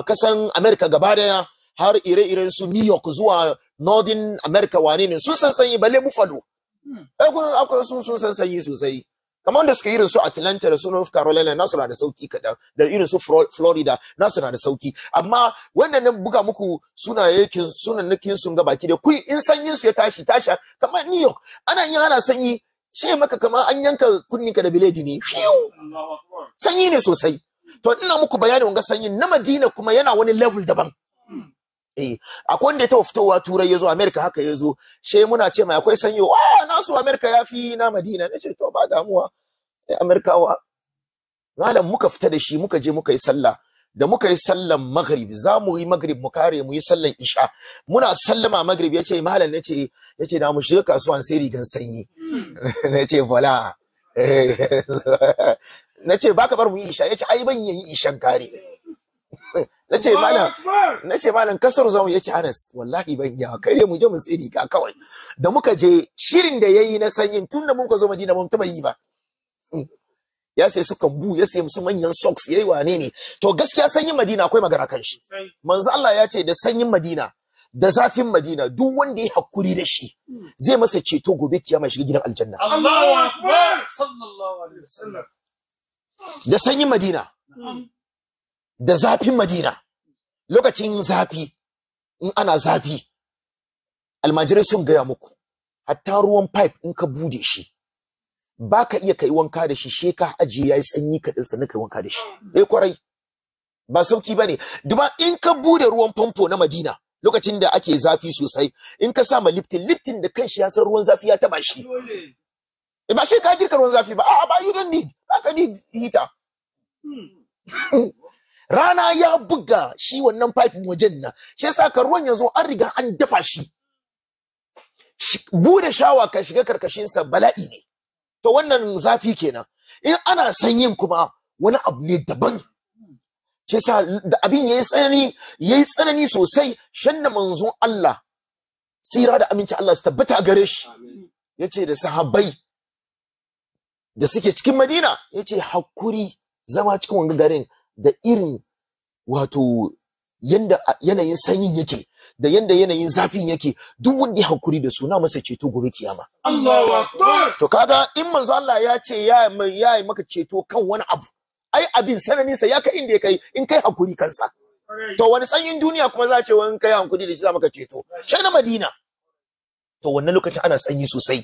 kasan Amerika gaba daya har ire-iren su New York zuwa Northern America wane ne sun san sanyi balle Buffalo hmm. eh, akwai sun sun san sanyi sosai kamar da suka irin su Atlanta da su North Carolina nasu na da sauki kadan da irin su Florida nasu na da sauki amma wannan nan buga muku sunayekin sunannakin sun ga baki da ku in sanyin su ya tashi tasha kamar New York ana yin ana sanyi shi maka kamar an yanka kunninka da biledi ne sanyi ne sosai to ina muku bayani ga sanyi na Madina kuma yana wani level daban eh akwai wanda ya taɓa fitowa turai yazo zo America haka ya zo she muna ce mai akwai sanyi ah nasu America ya fi na Madina nace to ba damuwa eh, wa malam muka fita da shi muka je muka yi sallah da muka yi sallan maghrib za mu yi maghrib mu kare mu yi sallan isha muna sallama maghrib yace malam nace yace na mu shiga kasuwan sai rigan sanyi [laughs] nace bala [laughs] nace baka bar mu yi isha yace ai ban yi ishan kare [laughs] nace malam kasar zamu yace Anas wallahi ban yi kai mu je mu tsiri ka kawai da muka je shirin da yayi na sanyin tunda mun ka zo Madina mun taba yi ba mm. ya sai su kambu ya sai musu manyan socks yayi wane ne to gaskiya sanyin Madina akwai magana kan shi manzo Allah ya ce da sanyin Madina da zafin Madina duk wanda ya hakuri da shi mm. zai masa ceto gobe kiyama shiga gidan aljanna Allahu akbar sallallahu alaihi wasallam da sanyin madina mm. da zafin madina lokacin zafi in ana zafi almajirai sun gaya muku hatta ruwan pipe in ka bude shi baka iya kai wanka da shi she ka ajiye yayi sanyi kaɗan sannan kai wanka da shi eh kwarai ba sauki ba ne. duba in ka bude ruwan famfo na madina lokacin da ake zafi sosai in ka sa ma liftin liftin da kanshi ya san ruwan zafi ya taba shi Eh, ba shi ka girka ruwan zafi ba a'a ba you don't need ba ka need heater [laughs] rana ya buga shi wannan pipe wajen na shi yasa ka ruwan yanzu an riga an dafa shi bude shawa ka shiga karkashin sa bala'i ne to wannan zafi kenan in ana sanyin kuma wani abu ne daban shi yasa da abin yayi tsanani yayi tsanani sosai shanna manzon Allah sira da aminci Allah su tabbata gare shi yace da sahabbai da suke cikin Madina ya ce hakuri zama cikin wanga garin da irin wato yanda yanayin sanyin yake da yanda yanayin zafin yake duk wanda ya hakuri da suna masa ceto gobe kiyama Allahu akbar to kaga in manzo Allah ya ce ya ya yi maka ceto kan wani abu ai abin sananin sa ya kai inda ya kai in kai hakuri kansa to wani sanyin duniya kuma za ce wani kai hakuri da shi za maka ceto shi na Madina to wannan lokacin ana sanyi sosai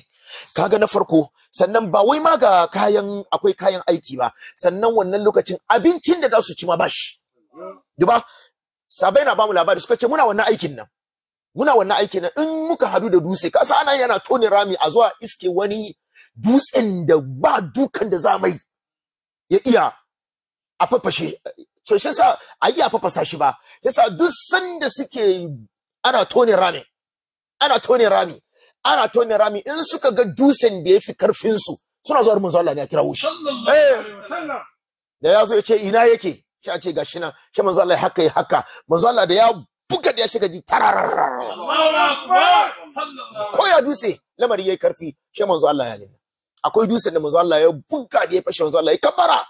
kaga na farko sannan ba wai ma ga kayan akwai kayan aiki ba sannan wannan lokacin abincin da za su ci ma ba shi duba sabai na bamu labari suka ce muna wannan aikin nan muna wannan aikin nan in muka hadu da dutse kasa ana yana tone rami a zuwa iske wani dutsen da ba dukan da zamai ya iya a fafashe to shi sa a yi fafasa shi ba yasa duk sanda suke ana tone rami ana tone rami ana tone rami in suka ga dusen da ya karfin su suna zuwa manzo Allah ne eh. ya kirawo shi da da yazo ya ce ina yake shi a ce gashi nan shi manzo Allah haka yi haka manzo Allah da ya buga da ya shiga ji tararar ko ya dutse lamari yayi karfi shi manzo Allah ya ne akwai dutsen da manzo Allah ya buga da ya fashe manzo Allah ya kabara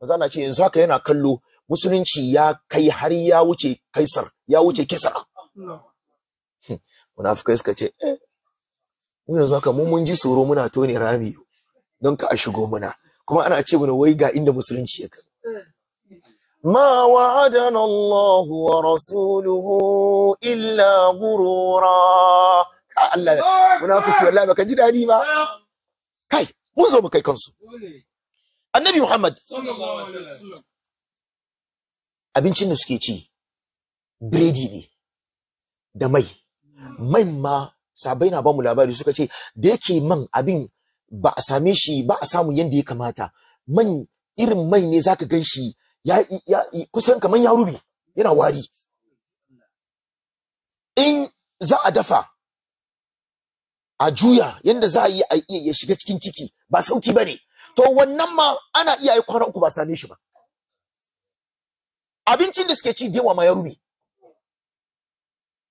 manzo Allah ce yanzu haka yana kallo musulunci ya kai har ya wuce kaisar ya wuce kisra munafikai suka ce eh mu yanzu haka mun mun ji tsoro muna tone rami don ka a shigo muna kuma ana ce mana wai ga inda musulunci ya kai Allah wa rasuluhu illa gurura. ka Allah Muna munafiki wallahi baka ji dadi ba kai mun zo mu kai kansu Annabi Muhammad abincin da suke ci biredi ne da mai mai ma sabai na bamu labari suka ce da yake man abin ba a same shi ba a samu yadda ya kamata man irin mai ne za ka gan shi kusan kaman ya rubi yana wari in za a dafa a juya yadda za a yi a iya ya shiga cikin ciki ba sauki ba ne. to wannan ma ana iya yi kwana uku ba same shi ba abincin da suke ci dewa ma ya rubi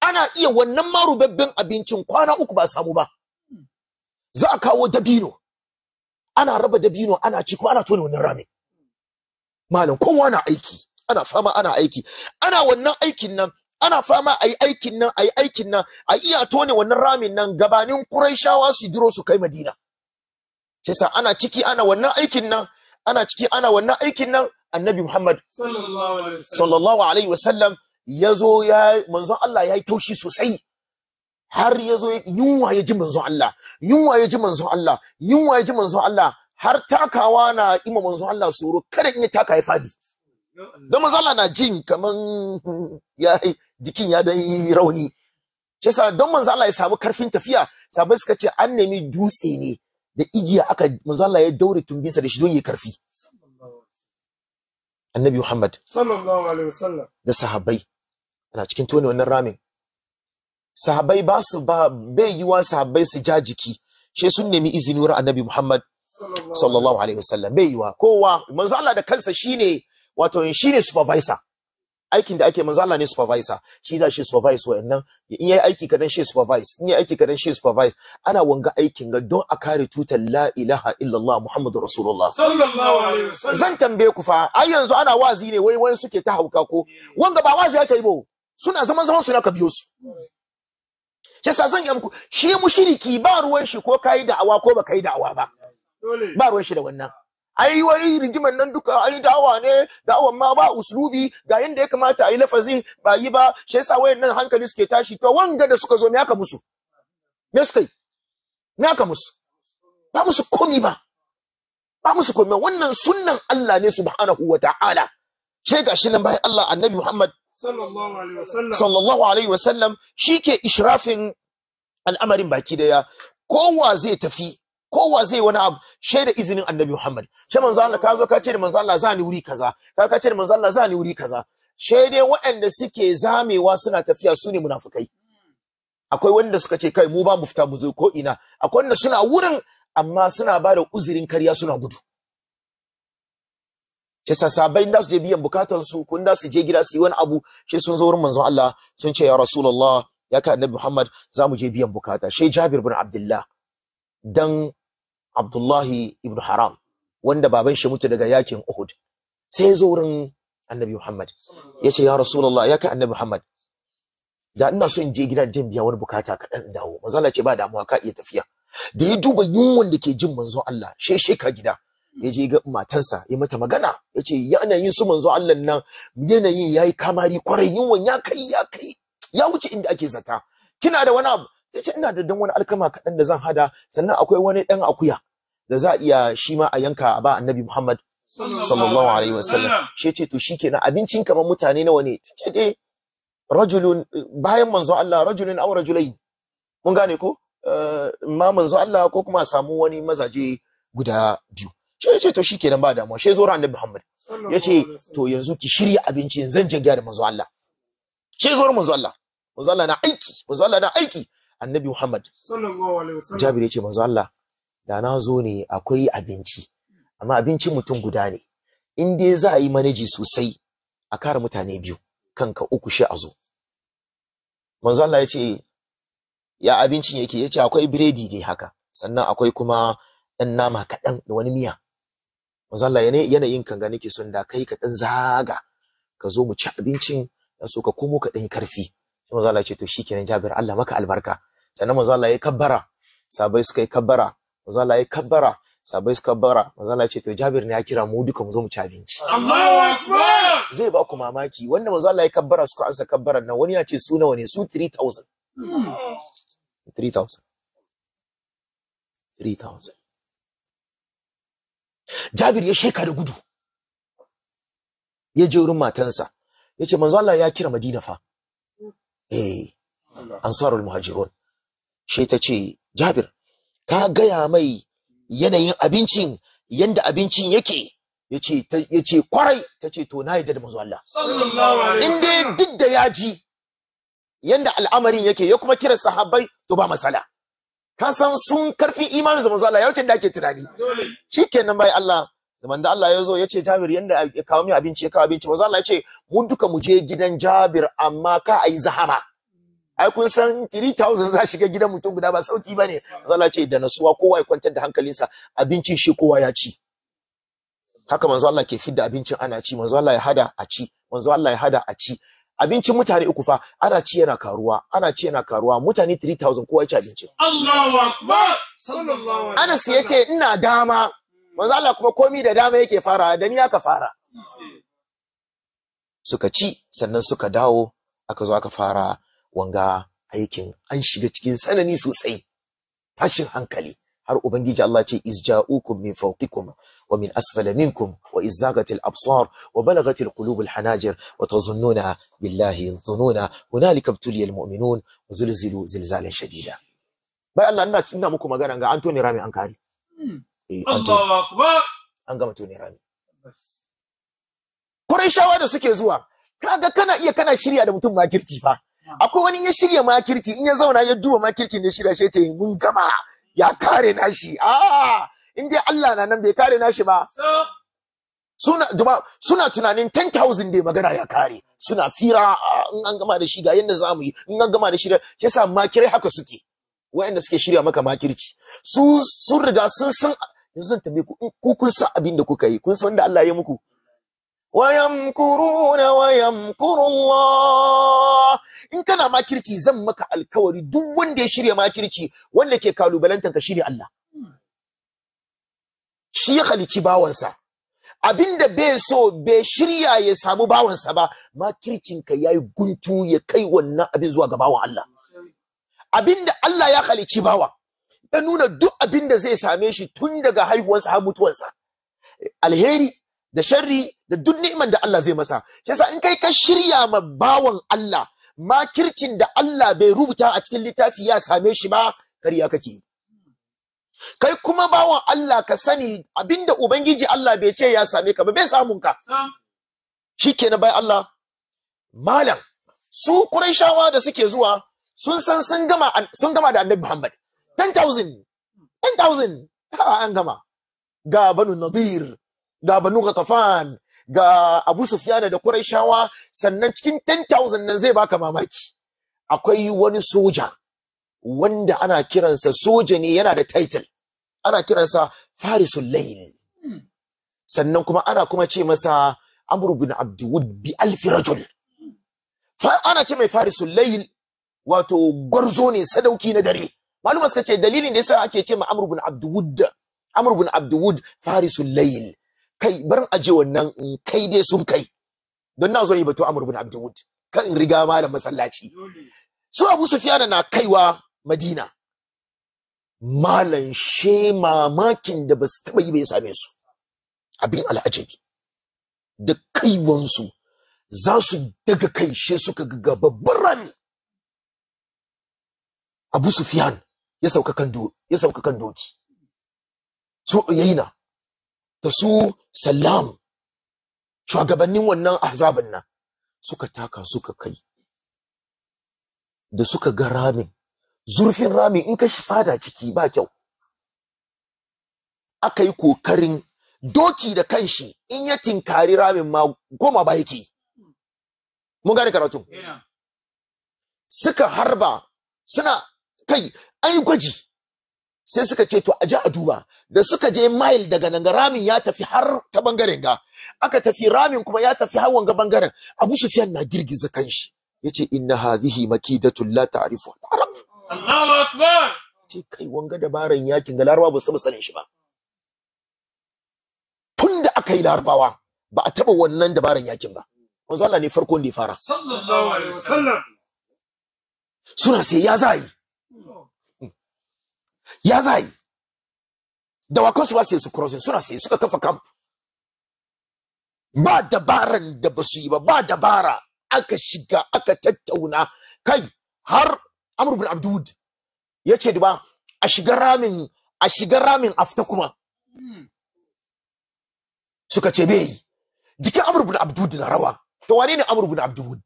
ana iya wannan ma abincin kwana uku ba samu ba za a kawo dabino ana raba dabino ana ci kuma ana tona wannan ramin malam kowa na aiki ana fama ana aiki ana wannan aikin nan ana fama a yi aikin nan a yi aikin nan a iya tone wannan ramin nan gabanin kuraishawa su duro su kai madina sai ana ciki ana wannan aikin nan ana ciki ana wannan aikin nan annabi muhammad sallallahu alaihi wasallam ya zo ya manzon Allah ya yi taushi sosai har ya zo yunwa ya ji manzon Allah yunwa ya ji manzon Allah yunwa ya ji manzon Allah har takawa na ima manzon Allah tsoro kada in ya taka ya fadi don manzon Allah na jin kaman ya jikin ya dan rauni shi yasa don manzon Allah ya samu karfin tafiya sabai suka ce an nemi dutse ne da igiya aka manzon Allah ya daure tumbinsa da shi don ya karfi annabi Muhammad sallallahu alaihi wasallam da sahabbai ana cikin tone wannan ramin sahabbai ba su ba bai yiwa sahabbai su ja jiki shi sun nemi izini wurin annabi Muhammad sallallahu alaihi wasallam bai yiwa kowa manzo Allah da kansa shine wato shine supervisor aikin da ake manzo Allah ne supervisor shi da shi supervise wayannan in yayi aiki kadan shi supervise in yayi aiki kadan shi supervise ana wanga aikin ga don a kare tutar la ilaha illallah muhammadur rasulullah sallallahu alaihi wasallam zan tambaye ku fa ai yanzu ana wazi ne wai wani suke ta hauka ko wanga ba wazi ake yi ba suna zaman zaman su na ka biyo su shi yasa zan ga shi mushriki ba ruwan shi ko kai awa ko ba kai awa ba ba ruwan shi da wannan ai wai rigiman nan duka ai da'awa ne da'awan ma ba uslubi ga yanda ya kamata ai lafazi ba yi ba shi yasa wayannan hankali suke tashi to wanga da suka zo me aka musu me suka yi me aka musu ba musu komi ba ba musu komi wannan sunnan Allah ne subhanahu wa ta'ala shi gashi nan bai Allah annabi Muhammad sallallahu alaihi wasallam shi ke ishrafin al'amarin baki daya kowa zai tafi kowa zai wani abu da izinin annabi Muhammad sai manzo Allah ka zo ka ce da manzo Allah za ni wuri kaza ka ka ce da manzo Allah za ni wuri kaza dai waɗanda suke zamewa suna tafiya su ne munafukai akwai wanda suka ce kai mu ba mu fita mu zo ko ina akwai wanda suna wurin amma suna ba da uzurin karya suna gudu shi sabai da su je biyan bukatan su kun da su je gida su yi wani abu shi sun zo wurin manzon Allah sun ce ya rasulullah ya ka annabi Muhammad za mu je biyan bukata shi Jabir bin Abdullah dan Abdullahi ibn Haram wanda baban shi mutu daga yakin Uhud sai zo wurin annabi Muhammad ya ce ya rasulullah ya ka annabi Muhammad da ina so in je gidan jin biya wani bukata kaɗan in dawo manzon Allah ce ba damuwa ka iya tafiya da ya duba yunwan da ke jin manzon Allah shi ka gida ya je ga matarsa ya mata magana ya ce yanayin su manzo Allah nan yanayin yayi kamari kwarai yunwan ya kai ya kai ya wuce inda ake zata kina da wani abu ya ce ina da dan wani alkama kaɗan da zan hada sannan akwai wani ɗan akuya da za a iya shi ma a yanka a ba annabi Muhammad sallallahu alaihi wasallam shi ce to shikenan abincin kamar mutane nawa ne tace dai eh, rajulun bayan manzo Allah rajulun aw rajulain mun gane ko eh, ma manzo Allah ko kuma samu wani mazaje guda biyu ce ce to kenan ba damuwa shi zo ran annabi Muhammad yace to yanzu ki shirya abinci zan je da manzo Allah shi zo manzo Allah manzo Allah na aiki manzo Allah na aiki annabi Muhammad sallallahu alaihi wasallam Jabir yace manzo Allah da na zo ne akwai abinci amma abincin mutum guda ne in dai za a yi manaji sosai a kare mutane biyu kanka uku shi a zo manzo Allah yace ya abincin yake yace akwai biredi dai haka sannan akwai kuma ɗan nama kaɗan da wani miya manzo Allah yanayin kan ga nake son da kai ka dan zaga ka zo mu ci abincin da so ka komo ka dan yi karfi manzo Allah ya ce to shikenan Jabir Allah maka albarka sannan manzo Allah ya kabbara sabai suka yi kabbara manzo Allah ya kabbara sabai suka kabbara manzo Allah ya ce to Jabir ne ya kira mu duka mu zo mu ci abinci Allahu akbar zai ba ku mamaki wanda manzo Allah ya kabbara suka ansa kabbaran nan wani ya ce su nawa ne su 3000 3000 3000 Jabir ya sheka da gudu ya je wurin matansa ya ce manzo Allah ya kira Madina fa eh ansarul muhajirun shi ta ce Jabir ka gaya mai yanayin abincin yanda abincin yake yace yace kwarai tace to na yadda da manzo Allah sallallahu in dai duk da yaji yanda al'amarin yake ya kuma kira sahabbai to ba masala ka san sun karfi imanin da manzo Allah ya wuce da ake tunani shikenan bai Allah da manzo Allah ya zo ya ce Jabir yanda ya kawo min abinci ya kawo abinci manzo ya ce mu duka mu je gidan Jabir amma ka ayi zahama ai kun san 3000 za shiga gidan mutum guda ba sauki ba ne. Allah ce da nasuwa kowa ya kwantar da hankalinsa abincin shi kowa ya ci haka manzo Allah ke fidda abincin ana ci manzo Allah ya hada a ci manzo Allah ya hada a ci abincin mutane uku fa ana ci yana karuwa ana ci yana karuwa mutane 3000 kowa ya ci abinci Allahu akbar sallallahu alaihi yace ina dama manzo Allah kuma komai da dama yake fara dan ni aka fara suka ci sannan suka dawo aka zo aka fara wanga aikin an shiga cikin tsanani sosai tashin hankali har ubangiji Allah ce izja'ukum min fawqikum wa min asfala minkum wa izagatil absar wa balagatil qulubul hanajir wa tazunnuna billahi dhununa hunalika ibtuliyal mu'minun wa zulzilu zilzalan shadida bai Allah ina ina muku magana ga Anthony Rami an kare hmm. eh Allahu akbar an ga Anthony Rami Qurayshawa da suke zuwa kaga kana iya kana shirya da mutum makirci fa akwai wani ya shirya makirci in ya zauna ya duba makircin da shirya shi ce mun gama ya kare nashi a ah, in dai Allah na nan bai kare nashi ba suna duba suna tunanin 10000 dai magana ya kare suna fira ah, in an gama da shi ga yanda zamu yi in an gama da shi sai sa makirai haka suke wayanda suke shirya maka makirci su sun riga sun san yanzu tambaye ku kun san abin da kuka yi kun san da Allah ya muku ويمكرون ويمكر in kana makirci zan maka alkawari duk wanda ya shirya makirci wanda ke kalubalanta ka shine Allah shi ya halici bawansa abinda bai so bai shirya ya samu bawansa ba makircin ka yayi guntu ya kai wannan abin zuwa ga bawan Allah abinda Allah ya halici bawa ya nuna duk abinda zai same shi tun daga haihuwansa har mutuwansa alheri da sharri da duk ni'imar da Allah zai masa shi yasa in kai ka shirya ma bawan Allah ma makircin da Allah bai rubuta a cikin littafi ya same shi ba kariya kake kai kuma bawan Allah ka sani abinda ubangiji Allah bai ce ya same ka ba bai samun ka shikenan bai Allah malam su Qurayshawa da suke zuwa sun san sun gama sun gama da Annabi Muhammad 10000 10000 an gama ga banu nadir ga banu gatafan ga abu sufyana da quraishawa sannan cikin 10000 nan zai baka mamaki akwai wani soja wanda ana kiransa soja ne yana da title ana kiransa farisul layl hmm. sannan kuma ana kuma ce masa amr bin bi alf rajul ana ce mai farisul layl wato gwarzo ne sadauki na dare maluma suka ce dalilin da yasa ake ce ma amr Abdiwud abdud amr kai barin aje wannan in kai dai sun kai don na zo yi batu Amr ibn Abdulwud kan in riga malam masallaci su Abu Sufyan na kaiwa Madina malam she mamakin da basu taba yi bai same su abin al'ajabi da kaiwansu za su daga kai she suka ga babban rami Abu Sufyan ya sauka kan doki ya sauka kan doki so yayina da su Sallam shugabannin wannan ahzabin nan suka taka suka kai da suka ga ramin zurfin ramin in ka shi ciki ba kyau aka yi kokarin doki da kanshi in ya tinkari ramin ma goma ba yake mun gane karatu suka harba suna kai an yi gwaji sai suka ce to a a duba da suka je mile daga nan ramin ya tafi har ta bangaren ga aka tafi ramin kuma ya tafi har wanga bangaren Abu Sufyan na girgiza kanshi yace inna hadhihi makidatul la ta'rifu Allahu akbar ce kai wanga dabaran yakin ga larabawa ba su sanin shi ba tunda aka yi larabawa ba a taba wannan dabaran yakin ba manzo Allah ne farkon ne fara sallallahu alaihi wasallam suna sai ya zai ya za yi dawakansu ba sai su crossing suna sai suka kafa camp ba dabaran da ba su yi ba ba dabara aka shiga aka tattauna kai har amr bin abdud ya ce duba a shiga ramin a afta kuma suka ce bai jikin amr bin abdud na rawa to wane ne amr bin abdud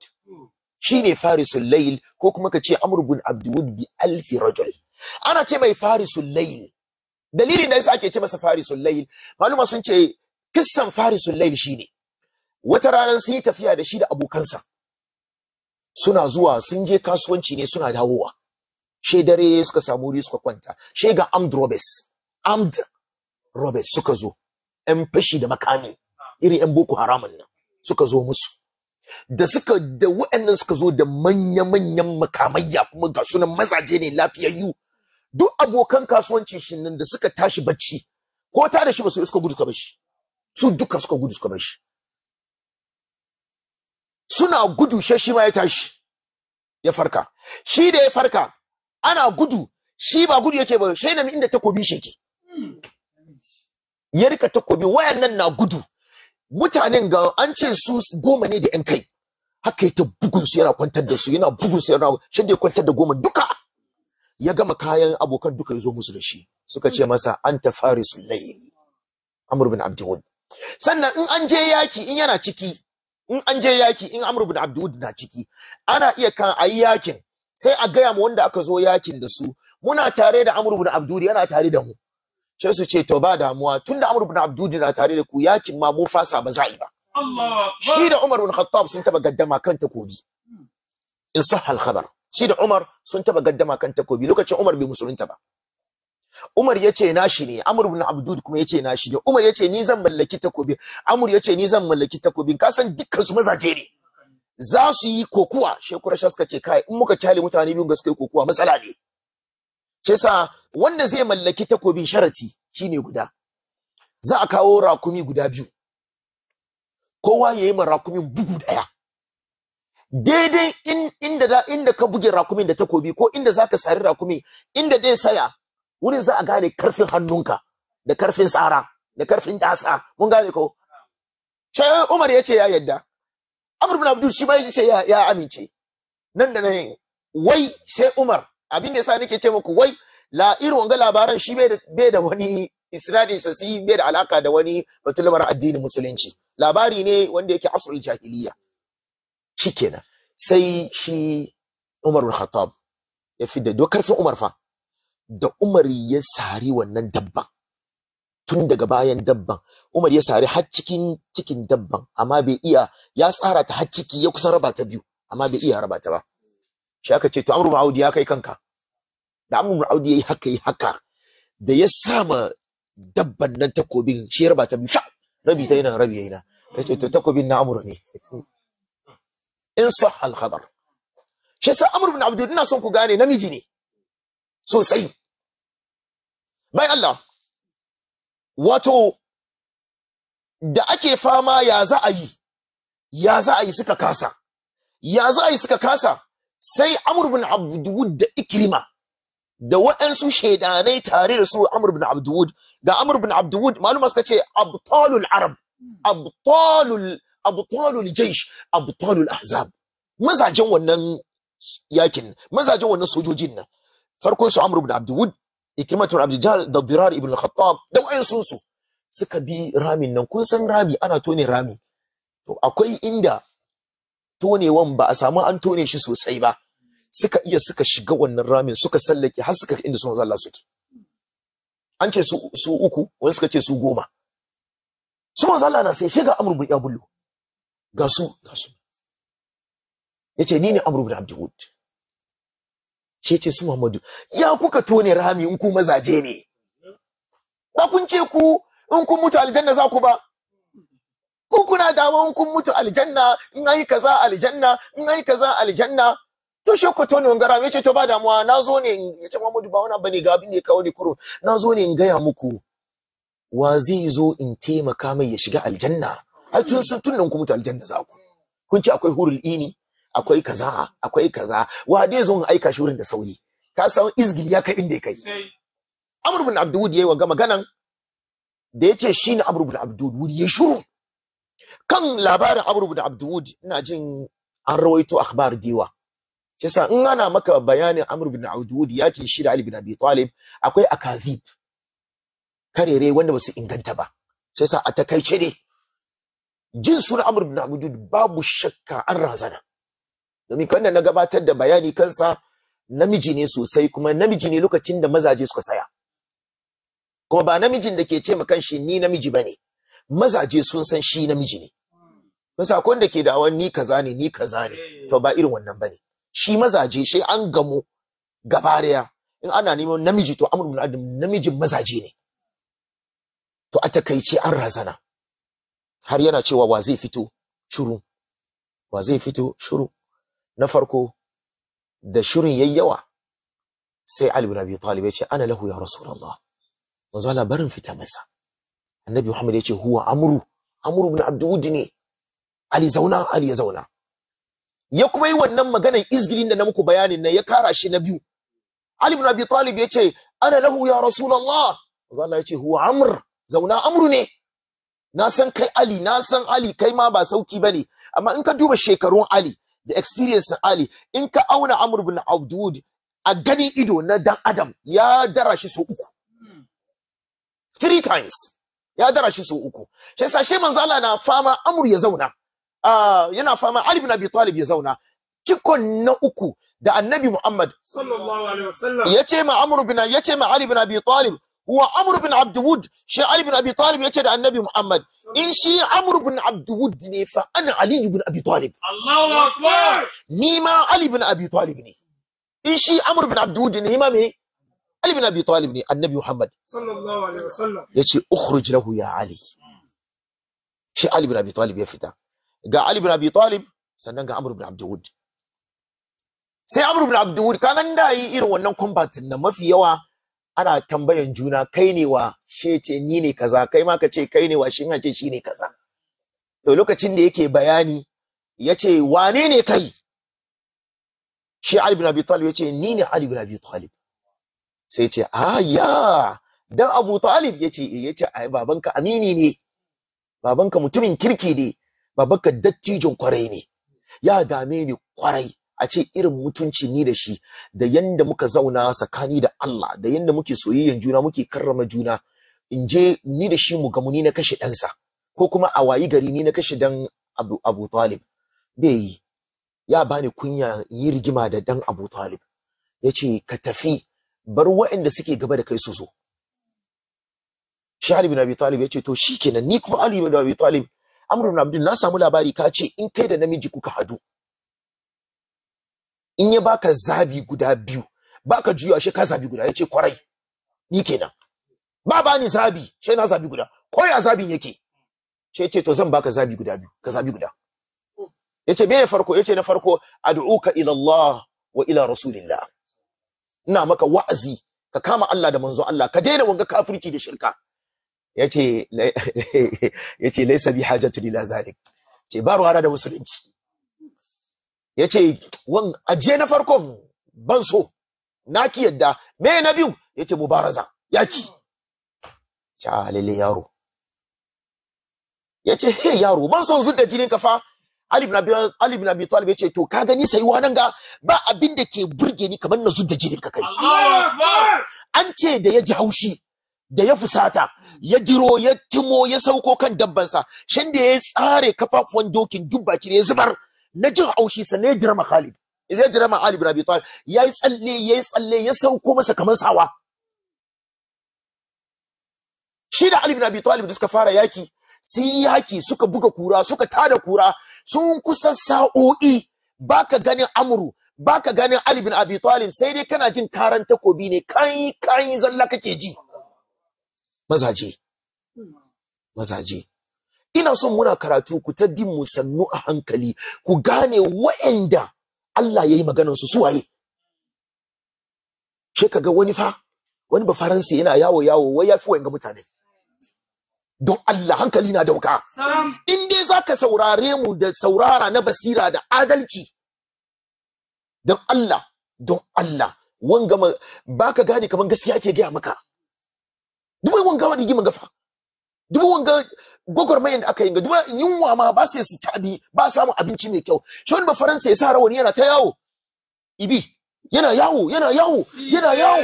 shine farisul layl ko kuma ka ce amr bin bi alfi rajul ana ce mai farisul layl dalilin da yasa ake ce masa farisul layl maluma sun ce kissan farisul layl shine wata ranar sun yi tafiya da shi da abokansa suna zuwa sun je kasuwanci ne suna dawowa she dare suka samu wuri suka kwanta she ga armed robbers armed robbers suka zo yan fashi da makami irin yan boko haramun nan suka zo musu da suka da wa'annan suka zo da manya-manyan makamayya kuma ga sunan mazaje ne lafiyayyu duk abokan kasuwanci shin nan da suka tashi bacci ko ta da shi ba su suka gudu suka shi su duka suka gudu suka shi suna gudu she shi ma ya tashi ya farka shi da ya farka ana gudu shi ba gudu yake ba shi nan inda takobi shi yake ya rika takobi nan na gudu mutanen ga an ce su goma ne da yan kai haka ya ta bugun su yana kwantar da su yana bugun su yana da ya kwantar da goma duka ya gama kayan abokan duka ya zo musu da shi suka ce hmm. masa anta farisul su amr bin abdul sannan in an je yaki in yana ciki in an je yaki in Amurbin bin abdul na ciki ana iya kan ayi yakin sai a gaya ma wanda aka zo yakin da su muna tare da Amurbin bin abdul yana tare da mu sai su ce to ba damuwa tunda da bin abdul na tare da ku yakin ma mu fasa ba za'i ba shi da umar bin khattab sun taba gaddama kan takobi in sahal khabar shi da Umar sun taba gaddama kan takobi lokacin Umar bai musulunta ba Umar ya ce nashi ne Amr ibn Abdud kuma ya ce nashi ne Umar ya ce ni zan mallaki takobi Amr ya ce ni zan mallaki takobin ka san dukkan su mazaje ne za su yi kokuwa shekura suka ce kai in muka kyale mutane biyun gaskiya kokuwa matsala ne sa wanda zai mallaki takobin sharati shine guda za a kawo rakumi guda biyu kowa ya yi ma rakumin bugu daya daidai inda inda ka buge rakumin da takobi ko inda zaka sari rakumi inda dai saya wurin za a gane karfin hannunka da karfin tsara da karfin tasa mun gane ko sai Umar yace ya yadda Amr ibn Abdul shi bai yace ya ya amince nan da nan wai sai Umar abin da yasa nake ce muku wai la irin wanga labaran shi bai da wani isnadin sasi bai da alaka da wani batulmar addinin musulunci labari ne wanda yake asrul jahiliya shi kenan sai shi Umar bin Khattab ya fi da karfin Umar fa da Umar ya sari wannan dabban tun daga bayan dabban Umar ya sari har cikin cikin dabban amma bai iya ya tsara ta har ciki ya kusan raba ta biyu amma bai iya raba ta ba shi aka ce to Amr bin Audi ya kai kanka da Amr bin Audi yayi haka yi haka da ya sama dabban nan takobin shi ya raba ta biyu rabi ta yana rabi yana ce to takobin na Amr ne [laughs] in sah al khabar shi sa amr ibn abdul ina son ku gane namiji ne sosai bai Allah wato da ake fama ya za a yi ya za a yi suka kasa ya za a yi suka kasa sai amr ibn abdul da ikrima da waɗansu shaidanai tare da su Amr bin Abdul ga Amr Abdul maluma suka ce abtalul arab abtalul abtalul jaysh abtalul ahzab mazajen wannan yakin mazajen wannan sojojin nan farkon su Amr ibn Abdul Ikrimatu abdijal da Dirar ibn Khattab da wayan sun suka bi ramin nan kun san rami ana tone rami to akwai inda tonewan ba a samu an tone shi sosai ba suka iya suka shiga wannan ramin suka sallake har suka inda sun zalla suke an ce su uku wani suka ce su goma su zalla na sai shiga amru bin ya ga su ga su yace ni ne amru bin abdihud shi yace su muhammadu ya kuka tone rami in ku mazaje ne ba kun ce ku in kun mutu aljanna za ku ba kun kuna wa in kun mutu aljanna in ai kaza aljanna in ai kaza aljanna to shi ku tone wanga rami yace to ba damuwa na zo ne yace muhammadu ba wani ne ga abin da ya kawo ni kuro na zo ne in gaya muku wa zai zo in taimaka mai ya shiga aljanna ai tun sun tunnan ku mutu aljanna za ku kun ce akwai hurul ini akwai kaza akwai kaza wa dai zo aika shi wurin da sauri ka san izgil ya kai inda ya kai Amr ibn abdud yayi wanga maganan da yace shine Amr abdud wuri ya shiru kan labarin Amr ibn abdud ina jin an rawaito akhbar diwa sa in ana maka bayanin Amr ibn abdud ya ce shi da Ali ibn Abi Talib akwai akazib karere wanda ba su inganta ba sa a takaice ne jin suna amur bin abudud babu shakka an razana domin da na gabatar da bayani kansa namiji ne sosai kuma namiji ne lokacin da mazaje suka saya kuma ba namijin da ke ce ma kanshi ni namiji bane mazaje sun san shi namiji ne kun sakon da ke dawon ni kaza ne ni kaza ne to ba irin wannan bane shi mazaje shi an gamo gaba in ana neman namiji to amur bin adam namijin mazaje ne to a takaice an razana har yana cewa wa zai fito shuru wa zai fito shuru na farko da shirin yayi yawa sai Ali ibn Abi Talib ya ce ana lahu ya Rasulullah manzo Allah barin fita masa annabi Muhammad ya ce huwa amru amru ibn Abdud ne Ali zauna Ali ya zauna ya kuma yi wannan maganar izgirin da na muku bayanin nan ya kara shi na biyu Ali ibn Abi Talib ya ce ana lahu ya Rasulullah manzo Allah ya ce huwa amr zauna amru ne na san kai Ali na san Ali kai ma ba sauki bane amma in ka duba shekarun Ali da experience Ali in ka auna Amr ibn Abdud a ganin ido na dan Adam ya dara shi so uku three times ya dara shi so uku shi yasa shi manzo Allah na fama Amr ya zauna ah yana fama Ali bin Abi Talib ya zauna cikon na uku da Annabi Muhammad sallallahu alaihi wasallam yace ma Amr ibn yace ma Ali bin Abi Talib huwa amr bin abdwud shi ali bin abi talib yace da annabi muhammad in shi amr bin abdwud ne fa ana ali bin abi talib Allahu ali bin abi talib ne in shi amr bin abdwud ne ma me ali bin abi talib ne annabi muhammad sallallahu alaihi wasallam yace ya ali shi ali bin abi talib ya fita ga ali bin abi talib sannan ga amr bin abdwud sai amr bin abdwud kaga da yi irin wannan combat na mafi yawa ana tambayan juna kai ne wa shi ce ni ne kaza kai ma ka ce kai ne wa shi ma ce shi ne kaza to lokacin da yake bayani ya ce wane ne kai shi Ali bin Abi Talib ya ce ni ne Ali bin Abi Talib sai ya ce a ya dan Abu Talib ya ce eh, ya ce ai babanka amini ne babanka mutumin kirki ne babanka dattijin kwarai ne ya dame ni kwarai a ce irin mutunci ni da shi da yanda muka zauna tsakani da Allah da yanda muke soyayyen juna muke karrama juna in je ni da shi mu gamu ni na kashe ɗansa ko kuma a wayi gari ni na kashe dan Abu, Abu Talib bai yi ya bani kunya yi rigima da dan Abu Talib ya ce ka tafi bar waɗanda suke gaba da kai su zo shi Ali bin Abi Talib ya ce to shikenan ni kuma Ali bin Abi Talib Amr bin Abdul na samu labari ka ce in kai da namiji kuka hadu in ya baka zabi guda biyu baka juya shi ka zabi guda yace kwarai ni kenan ba ba ni zabi shi na zabi guda ko ya zabi yake shi yace to zan baka zabi guda biyu ka zabi guda yace me farko yace na farko ad'uka ila Allah wa ila rasulillah ina maka wa'azi ka kama Allah da manzo Allah ka daina wanga kafirci da shirka yace yace laysa [laughs] bi hajatu ila zalik ce ba ruwa da musulunci ya ce ajiye na farkon ban so na ki yadda me na biyu ya ce mubaraza ya ki ca ah, lele yaro ya ce he yaro ban son zuɗa jinin fa Ali ibn Abi Ali ce to ka gani sai nan ga ba abin da ke burge ni kamar na zuɗa jinin ka kai an ce da ya ji haushi da ya fusata ya giro ya timo ya sauko kan dabbansa shan da ya tsare kafafuwan dokin dubba ya zubar na jin haushi sa ne jirama Khalid zai jirama Ali ibn Abi Talib yayi tsalle yayi tsalle ya sauko masa kamar sawa shi da Ali ibn Abi Talib da suka fara yaki sun yi yaki suka buga kura suka tada kura sun kusa sa'o'i baka ganin amru baka ganin Ali ibn Abi Talib sai dai kana jin karan takobi ne kai kai zalla kake ji mazaje mazaje ina son muna karatu ku ta bin mu sannu a hankali ku gane wa'anda Allah ya yi maganar su waye. she kaga wani fa wani ba faransa yana yawo yawo wai ya fi wa'anga mutane don Allah hankali na dauka in dai zaka saurare mu da saurara na basira da adalci don Allah don Allah wanga baka gane kaman gaskiya ke gaya maka duk wai wanga wani gima gafa duk wanga gwagwarmayan da aka yi ga duk yunwa ma ba sai su cadi ba samun abinci mai kyau shon ba faransa ya sa rawani yana ta yawo ibi yana yawo yana yawo yana yawo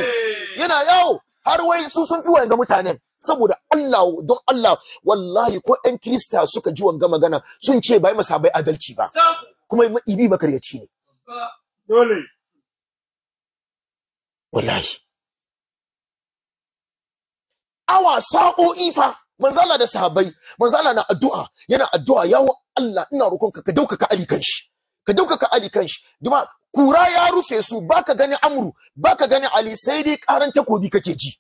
yana yawo har wai su sun fi ga mutanen saboda Allah don Allah wallahi ko ɗan Kirista suka ji wanga magana sun ce bai bai adalci ba kuma ibi makaryaci ne dole wallahi awa sa'o'i fa manzo Allah da sahabbai manzo Allah na addu'a yana addu'a yawo Allah ina roƙonka ka daukaka ali kan shi ka daukaka ali kan shi duma kura ya rufe su baka gani amru baka gani ali sai dai karan takobi kake ji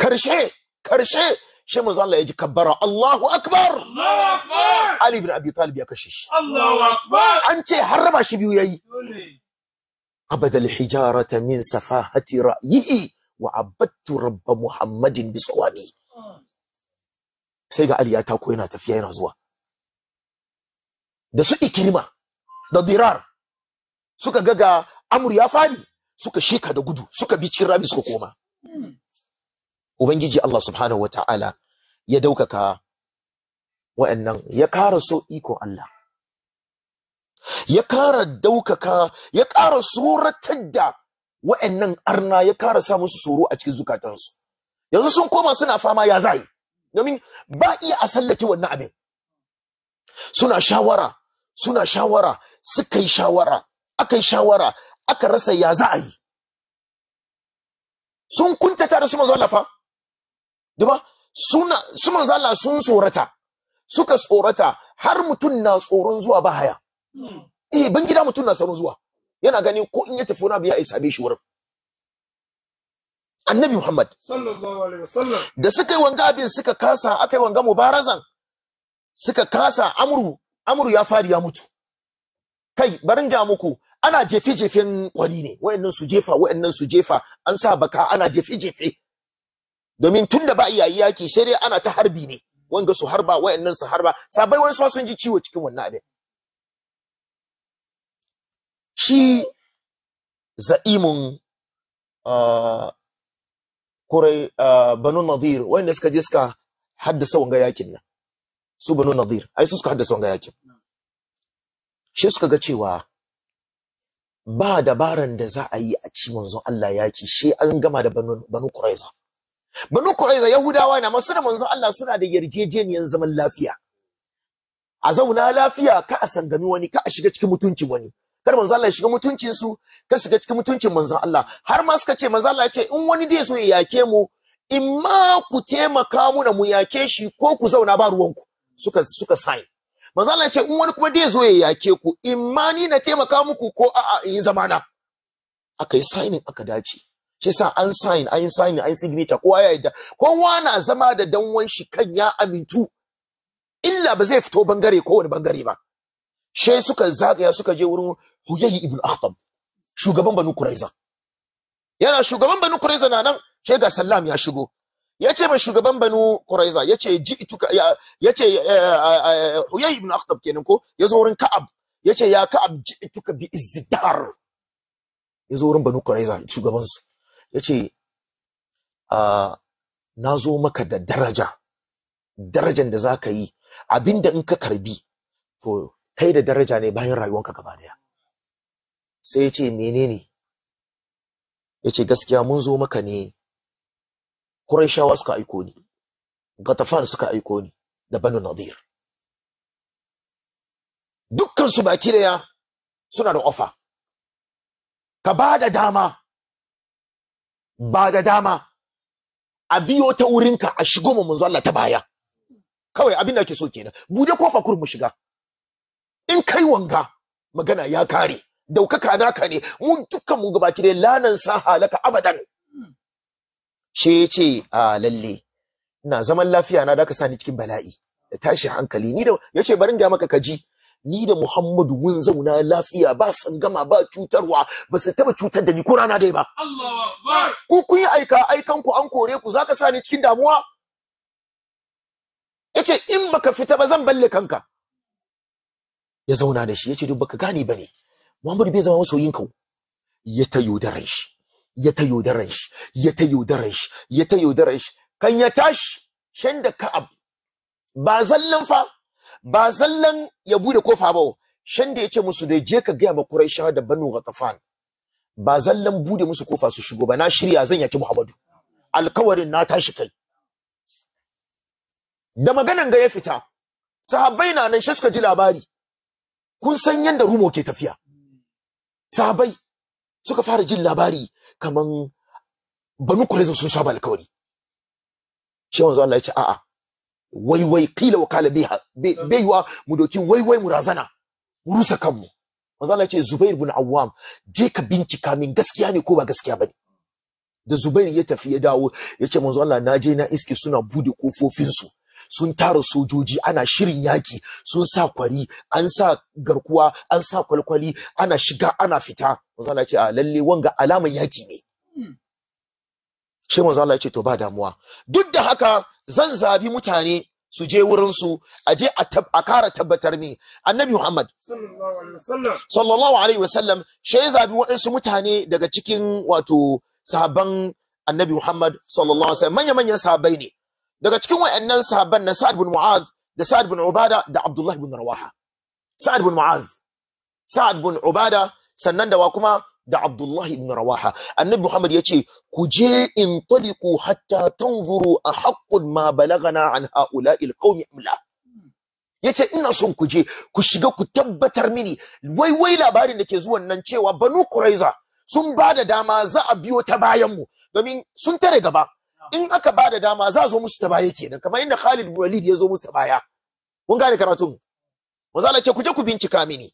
karshe karshe shi manzo Allah ya ji kabbara Allahu akbar Allahu akbar Ali ibn Abi Talib ya kashe shi Allahu akbar an ce har raba shi biyu yayi abadal hijarata min safahati ra'yihi wa abattu rabb muhammadin bisawami sai ga Ali ya tako yana tafiya yana zuwa da su ikirma da dirar suka ga ga amur ya fadi suka shika da gudu suka bi cikin rabi suka koma ubangiji Allah subhanahu wata'ala ya daukaka wa'annan ya kara so iko Allah ya kara daukaka ya kara suratar da wa'annan arna ya kara sa musu tsoro a cikin zukatansu yanzu sun koma suna fama ya zai domin ba iya a sallake wannan abin suna shawara suna shawara suka yi shawara aka yi shawara aka rasa ya za a yi sun kuntata da su manzo Allah fa duba suna su manzo Allah sun tsorata suka tsorata har mutun na tsoron zuwa bahaya hmm. eh ban gida mutun na tsoron zuwa yana gani ko in ya tafi na biya ya sabe shi wurin annabi Muhammad da suka yi wanga abin suka kasa aka yi wanga mubarazan suka kasa amuru amuru ya fari ya mutu kai barin ga muku ana jefe jefen kwari ne wayannan su jefa wayannan su jefa an sa baka ana jefe jefe domin tunda ba iyayi yaki sai dai ana ta harbi ne wanga su harba wayannan su harba sabai wani sun ji ciwo cikin wannan abin shi za'imun ah, kurai ah, banu nadir wanda suka je suka haddasa wanga yakin nan su banu nadir ai su suka haddasa wanga yakin shi suka ga cewa ba dabaran da za a yi a ci manzon Allah yaki shi an gama da banu banu quraiza banu quraiza yahudawa na masu da manzon Allah suna da yarjejeniyar zaman lafiya a zauna lafiya ka a sangami wani ka a shiga cikin mutuncin wani kar manzo Allah ya shiga mutuncin su kar shiga cikin mutuncin manzo Allah har ma suka ce manzo Allah ya ce in wani dai so ya yake mu in ma ku taimaka mu da mu yake shi ko ku zauna ba ruwanku suka suka sai manzo Allah ya ce in wani kuma dai zo ya yake ku in ma ni na taimaka muku ko a'a in yi zamana aka yi signing aka dace shi sa an sign an yi signing an yi signature kowa ya yadda kowa na zama da danwan shi kan ya amintu illa ba zai fito bangare ko bangare ba she suka zagaya suka je wurin Huyayi ibn Akhtab shugaban Banu Quraiza yana shugaban Banu Quraiza na nan sai ga Sallam ya shigo yace ban shugaban Banu Quraiza yace ji'tuka yace eh, eh, eh, huyayi ibn Akhtab kenan ko yazo wurin Ka'ab yace ya Ka'ab ituka bi izdar yazo wurin Banu Quraiza shugaban su yace a ah, nazo maka da daraja darajan da zaka yi abinda in ka karbi to kai da daraja ne bayan rayuwanka gaba daya sai ya ce menene ya ce gaskiya mun zo maka ne Qurayshawa suka aiko ni Gatafan suka aiko ni da Banu Nadir dukkan su baki daya suna da offer ka ba da dama ba da dama a biyo ta wurin ka a shigo mu manzo Allah ta baya kawai abin da ake so kenan bude kofa kurmu shiga in kai wanga magana ya kare daukaka naka ne mu dukkan mu gabaki dai lanan sa halaka abadan she yace a lalle ina zaman lafiya na da sani cikin bala'i da tashi hankali ni da yace barin ga maka kaji ni da Muhammadu mun zauna lafiya ba gama ba cutarwa ba su taba cutar da ni ko rana dai ba Allahu ku kun yi aika aikan ku an kore ku zaka sani cikin damuwa yace in baka fita ba zan balle kanka ya zauna da shi yace duk baka gane bane Muhammadu bai zama yin ka ya ta yaudaran shi ya ta yaudaran shi ya ta yaudaran shi ya ta yaudaran shi kan ya tashi shan da ka'ab ba zallan fa ba zallan ya bude kofa ba shan da ya ce musu da je ka gaya ma sha da Banu kafan. ba zallan bude musu kofa su shigo ba na shirya zan yaki Muhammadu alkawarin na tashi kai da maganan ga ya fita sahabbai na nan shi suka ji labari kun san yadda rumo ke tafiya Sabai suka fara jin labari kaman banu kuraiza sun saba alkawari shi wanzu Allah ya ce a'a wai wai kila wakala biha baiwa mu doki wai wai mu razana mu rusa kanmu Wanzu Allah ya ce Zubair ibn Awwam je ka bincika min gaskiya ne ko ba gaskiya bane da Zubair ya tafi ya dawo ya ce manzo Allah na je na iski suna bude kofofin su sun tara sojoji ana shirin yaki sun sa kwari an sa garkuwa an sa kwalkwali ana shiga ana fita manzo Allah ya ce a lalle wanga alaman yaki ne hmm. shi manzo Allah ya ce to ba damuwa duk da haka zan zabi mutane su je wurin su a je a kara tabbatar mi annabi Muhammad sallallahu alaihi wasallam shi ya zabi waɗansu mutane daga cikin wato sahabban annabi Muhammad sallallahu alaihi wasallam manya manyan sahabbai ne daga cikin wayannan sahabban na Sa'ad bin Mu'adh da Sa'ad bin Ubada da Abdullah bin Rawaha Sa'ad bin Mu'adh Sa'ad bin Ubada sannan da wa kuma da Abdullah ibn Rawaha annabi Muhammad yace ku je in taliqu hatta tanzuru a ma balagana an haula'i alqawmi amla yace ina son ku je ku shiga ku tabbatar mini wai wai labarin da ke zuwan nan cewa Banu Quraiza sun ba da dama za a biyo ta bayan mu domin sun tare gaba in aka ba da dama za zo musu ta baya kenan kamar inda Khalid Walid ya zo musu ta baya kun gane karatun manzo Allah ce ku je ku bincika mini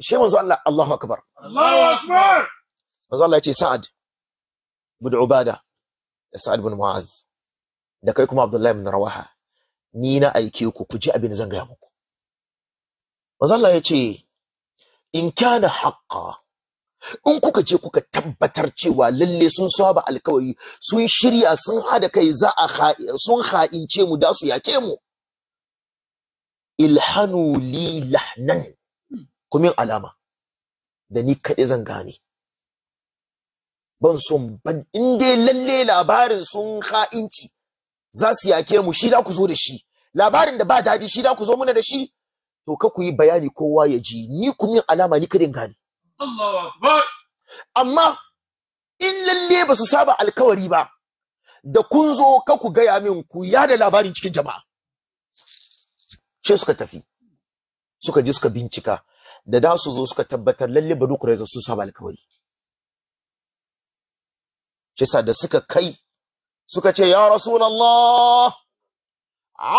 she manzo Allah Allahu akbar Allahu akbar manzo Allah ce Sa'ad bin Ubada da Sa'ad bin Mu'adh da kai kuma Abdullahi bin Rawaha ni na aike ku ku ji abin zan gaya muku manzo Allah ya ce in kana haqqan in kuka je kuka tabbatar cewa lalle sun saba alkawari sun shirya sun hada kai za a sun ha'ince mu da su yake mu ilhanu li lahnan kuma alama da ni kaɗai zan gane ban son ban in dai lalle labarin sun ha'inci za su yake mu shi da ku zo da shi labarin da ba daɗi shi da ku zo muna da shi to ka ku yi bayani kowa ya ji ni kuma alama ni kaɗai gane amma in lalle ba su saba alkawari ba da kun zo ka ku gaya min ku ya da labarin cikin jama'a Ce suka tafi suka ji suka bincika da da su zo suka tabbatar lalle ba duk kuraiza su saba alkawari sa da suka kai suka ce ya rasulullah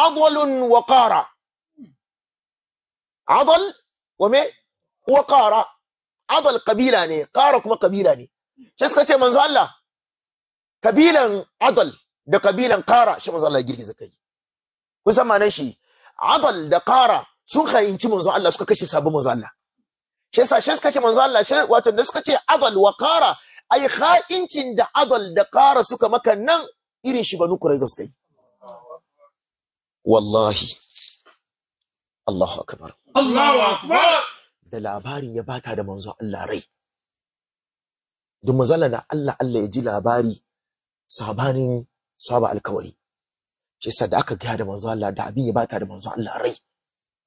adwalun wa qara adal wa me wa qara adal kabila ne ƙara kuma kabila ne shi suka ce manzo Allah kabilan adal da kabilan ƙara shi manzo Allah girgiza kai kusan manan shi adal da ƙara sun khayinci manzo Allah suka kashe sabon manzo Allah shi yasa shi suka ce manzo Allah shi wato da suka ce adal wa ƙara ai kha'incin da adal da ƙara suka maka nan irin shi banu kuraiza suka yi wallahi Allahu akbar Allahu akbar da labarin ya bata da manzo Allah rai duk mazala na Allah Allah ya ji labari sabanin saba alkawari shi yasa da aka gaya da manzo Allah da abin ya bata da manzo Allah rai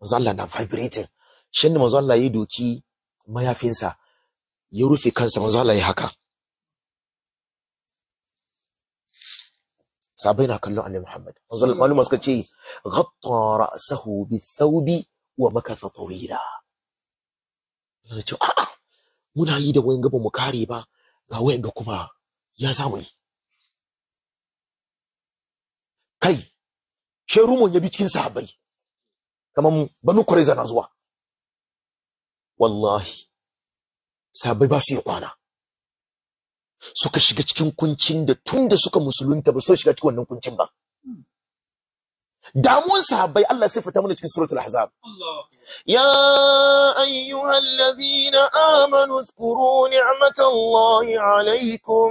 manzo Allah na vibrating shin manzo Allah ya doki mayafinsa ya rufe kansa manzo Allah ya haka sabai na kallon annabi Muhammad manzo Allah suka ce ghatta ra'sahu bi thawbi wa makatha tawila na ce a'a muna yi da wayan gaba mu kare ba ga wayan ga kuma ya za mu yi kai shi rumon ya bi cikin sahabbai kamar banu kuraiza na zuwa wallahi sahabbai ba su yi kwana suka shiga cikin kuncin da tun da suka musulunta ba su shiga cikin wannan kuncin ba دامون صحابي الله صفة تمنى تكون سورة الأحزاب يا أيها الذين آمنوا اذكروا نعمة الله عليكم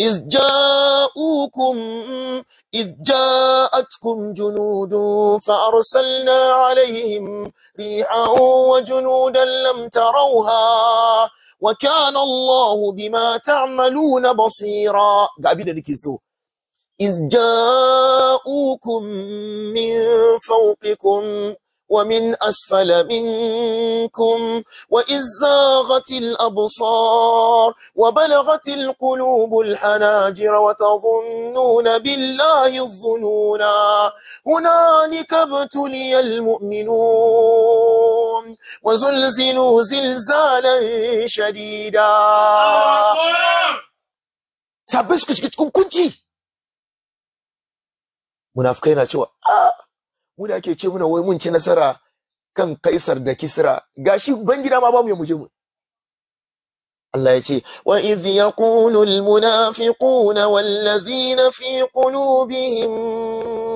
إذ جاءوكم إذ جاءتكم جنود فأرسلنا عليهم ريحا وجنودا لم تروها وكان الله بما تعملون بصيرا قابل لكي إذ جاءوكم من فوقكم ومن أسفل منكم وإذ زاغت الأبصار وبلغت القلوب الحناجر وتظنون بالله الظنونا هنالك ابتلي المؤمنون وزلزلوا زلزالا شديدا سابسكش كتكون كنتي munafukai na cewa a ah, mu da ke ce muna wai mun ci nasara kan kaisar da kisra gashi bangida ma ba mu ya muje mu Allah ya ce wa iz yaqulu al munafiquna wal ladzina fi qulubihim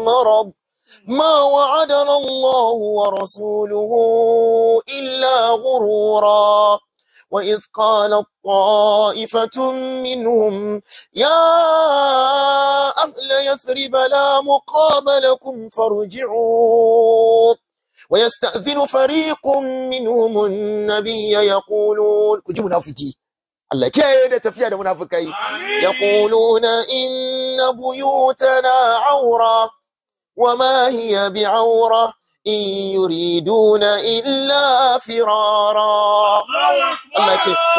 marad ما وعدنا الله ورسوله إلا غرورا وإذ قال الطائفة منهم يا أهل يثرب لا مقام لكم فارجعوا ويستأذن فريق منهم النبي يقولون كجي منافقي الله كيد تفيان منافقي يقولون إن بيوتنا عورة وما هي بعوره إن يريدون إلا فرارا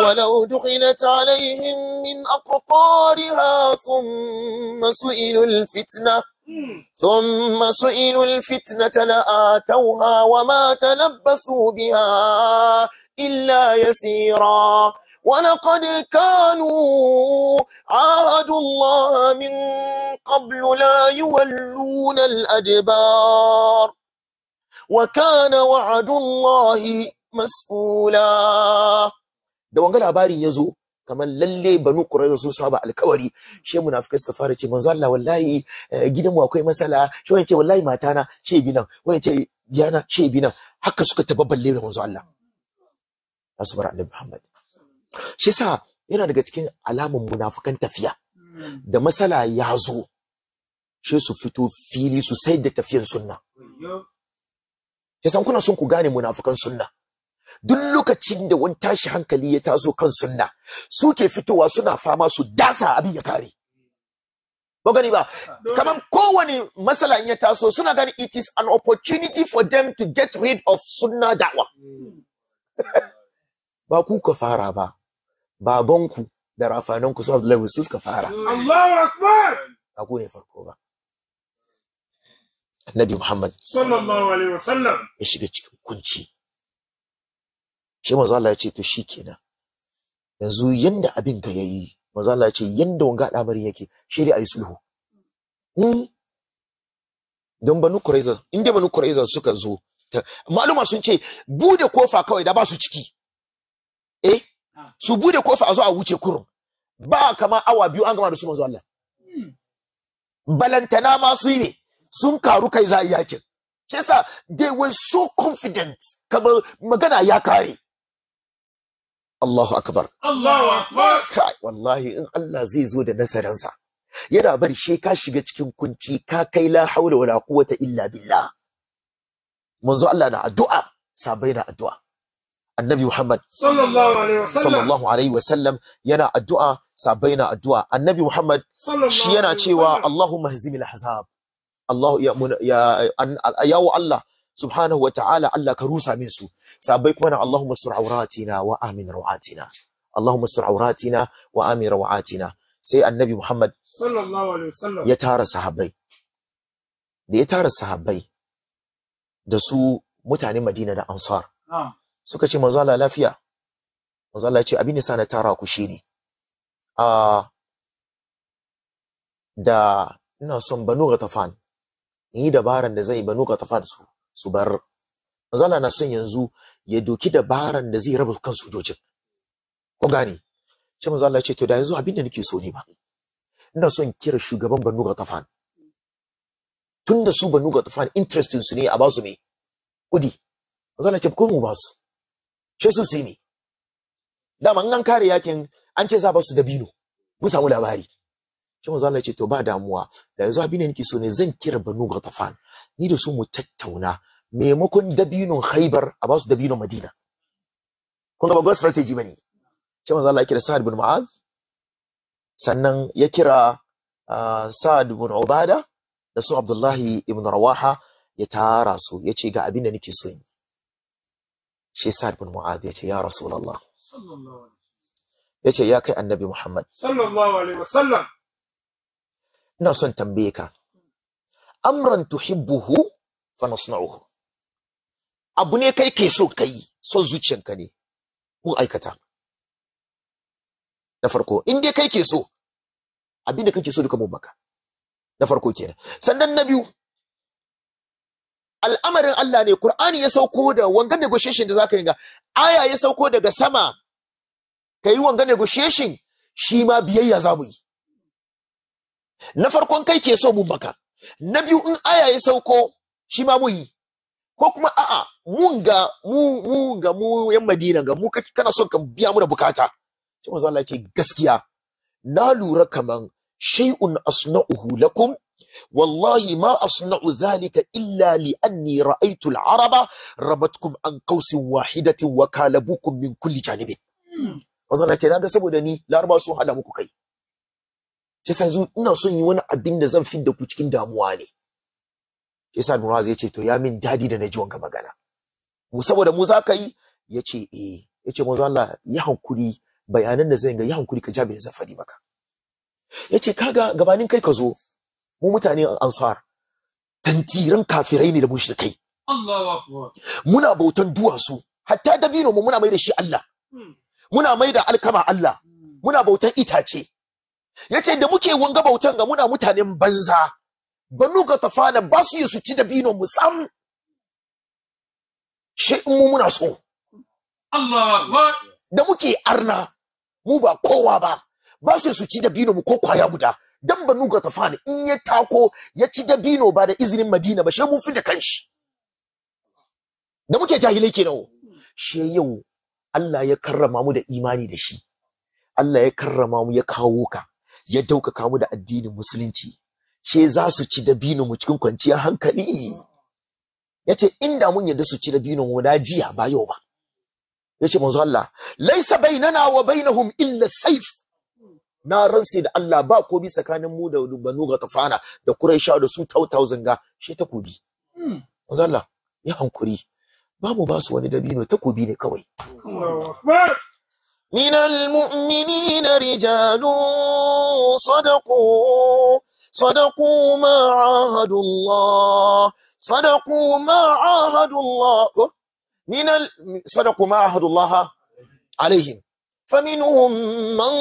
ولو دخلت عليهم من أقطارها ثم سئلوا الفتنة ثم سئلوا الفتنة لآتوها وما تلبثوا بها إلا يسيرا ولقد كانوا عاهدوا الله من قبل لا يولون الأدبار وكان وعد الله مسؤولا da wanga labarin yazo kamar lalle banu qurayza sun saba alkawari she munafikai suka fara ce manzo Allah wallahi eh, gidanmu akwai masala she wani ce wallahi na, she bi nan wani ce diyana she bi nan haka suka tababballe da manzo Allah asbar annabi Muhammad shi yasa yana daga cikin alamun munafikan tafiya da masala ya zo she su fito fili su sai da tafiyar sunna yasan kuna son ku gane munafukan sunna duk lokacin da wani tashi hankali ya taso kan sunna suke fitowa suna fama su dasa abin ya kare ba gani ba kamar kowane masala ya taso suna gani it is an opportunity for them to get rid of sunna da'wa [laughs] ba ku ka fara ba babanku da rafananku su Abdullahi su suka fara Allahu akbar ku ne farko ba annabi Muhammad sallallahu alaihi wasallam ya shiga cikin kunci shi manzo Allah ya ce to shikenan yanzu yanda abin ka yayi manzo Allah ya ce yanda wanga al'amarin yake shi dai ayi sulhu don banu kuraiza in dai banu kuraiza suka zo maluma sun ce bude kofa kawai da ba su ciki eh su bude kofa a zo a wuce kurun ba kama awa biyu an gama da su manzo Allah hmm. balantana ma su ne sun karu kai za a yakin shi yasa they were so confident kamar magana ya kare Allahu akbar Allahu akbar kai wallahi in Allah zai zo da nasaransa yana bar shi ka shiga cikin kunci ka kai la haula wala quwwata illa billah manzo Allah na addu'a sabai na addu'a annabi Muhammad sallallahu alaihi sallam, yana addu'a sabai na addu'a annabi Muhammad shi yana cewa Allahumma hazimil ahzab Allah ya ya Allah subhanahu wa ta'ala Allah ka rusa min su sabai kuma na Allahumma sur auratina wa amin ru'atina Allahumma sur auratina wa amin ru'atina sai annabi Muhammad sallallahu alaihi wasallam ya tara sahabbai da ya tara sahabbai da su mutane Madina da Ansar suka ce manzo Allah lafiya manzo Allah ya ce abin ne sana tara ku shine a ah, da ina son banu ghatafan yi dabaran da zai banu qatafan su su bar manzala na son yanzu ya doki dabaran da zai raba kan sojojin ko gane shi manzala ce to da yanzu abin da nake so ne ba ina son kira shugaban banu Tun da su banu qatafan interestin su ne a basu me kudi manzala ce ko mu basu shi su su ne dama an kare yakin an ce za ba su dabino mu samu labari shi manzo Allah ya ce to ba damuwa da yanzu abin da nake so ne zan kira banu gatafan ni da su mu tattauna maimakon dabinun khaybar a ba su dabinun madina kun ga babbar strategy bane shi manzo Allah ya kira Sa'ad bin Mu'adh sannan ya kira ah, Sa'ad bin Ubada da su Abdullahi ibn Rawaha ya tara su ya ce ga abin da nake so yi shi Sa'ad bin Mu'adh ya ce ya Rasulullah ya ce ya kai annabi Muhammad sallallahu alaihi wasallam ina son tambaye ka amran tuhibbuhu fa nasna'uhu abu ne kai ke so kai son zuciyanka ne ko aikata na farko in dai kai ke so abinda kake so duka mun maka na farko kenan sannan na biyu al'amarin Allah ne Qur'ani ya sauko da wangan negotiation da zaka yinga aya ya sauko daga sama kai wangan negotiation shi ma biyayya za mu yi na farkon kai ke so mun baka na biyu in aya ya sauko shi ma mun yi ko kuma a'a mun ga mu mu ga mu yan Madina ga mu kana son ka biya mu da bukata sai manzo Allah ce gaskiya na lura kaman shay'un asna'uhu lakum wallahi ma asna'u dhalika illa li anni ra'aytu al-araba rabatkum an qawsin wahidatin wa kalabukum min kulli janibin hmm. manzo Allah ce na ga saboda ni larabawa sun hada muku kai shi yanzu ina son yi wani abin da zan da ku cikin damuwa ne shi sa Nuraz ya ce to ya min dadi da na ji wanga magana mu saboda mu za ka yi ya ce eh ya ce manzo Allah ya hankuri bayanan da zai ga yi hankuri ka jabi da zan faɗi maka Yace kaga gabanin kai ka zo mu mutane an ansar tantiran kafirai ne da mun Allahu akbar muna bautan duwatsu hatta dabino mu muna mai da shi Allah hmm. muna mai da alkama Allah hmm. muna bautan itace yace da muke wanga bautan ga muna mutanen banza banu ga tafana ba su yi su ci dabino mu sam shi mu muna so da muke arna mu ba kowa ba ba su su ci dabino mu ko kwaya guda dan banu ga tafana in ya tako ya ci dabino ba da izinin Madina ba she mun fi da kanshi da muke jahilai kenan she yau Allah ya karrama mu da imani da shi Allah ya karrama mu ya kawo ka ya daukaka mu da addinin musulunci she za su ci dabino mu cikin kwanciyar hankali yace inda mun yadda su ci dabino mu da jiya ba yau ba yace manzo Allah laisa bainana wa bainahum illa sayf na ransi da Allah ba ko bi tsakanin mu da Banu Gatafana da Quraisha da su 2000 ga she takobi hmm. manzo Allah ya hankuri ba mu ba su wani dabino takobi ne kawai من المؤمنين رجال صدقوا صدقوا ما عاهدوا الله صدقوا ما عاهدوا الله أه؟ من ال... صدقوا ما عاهدوا الله عليهم فمنهم من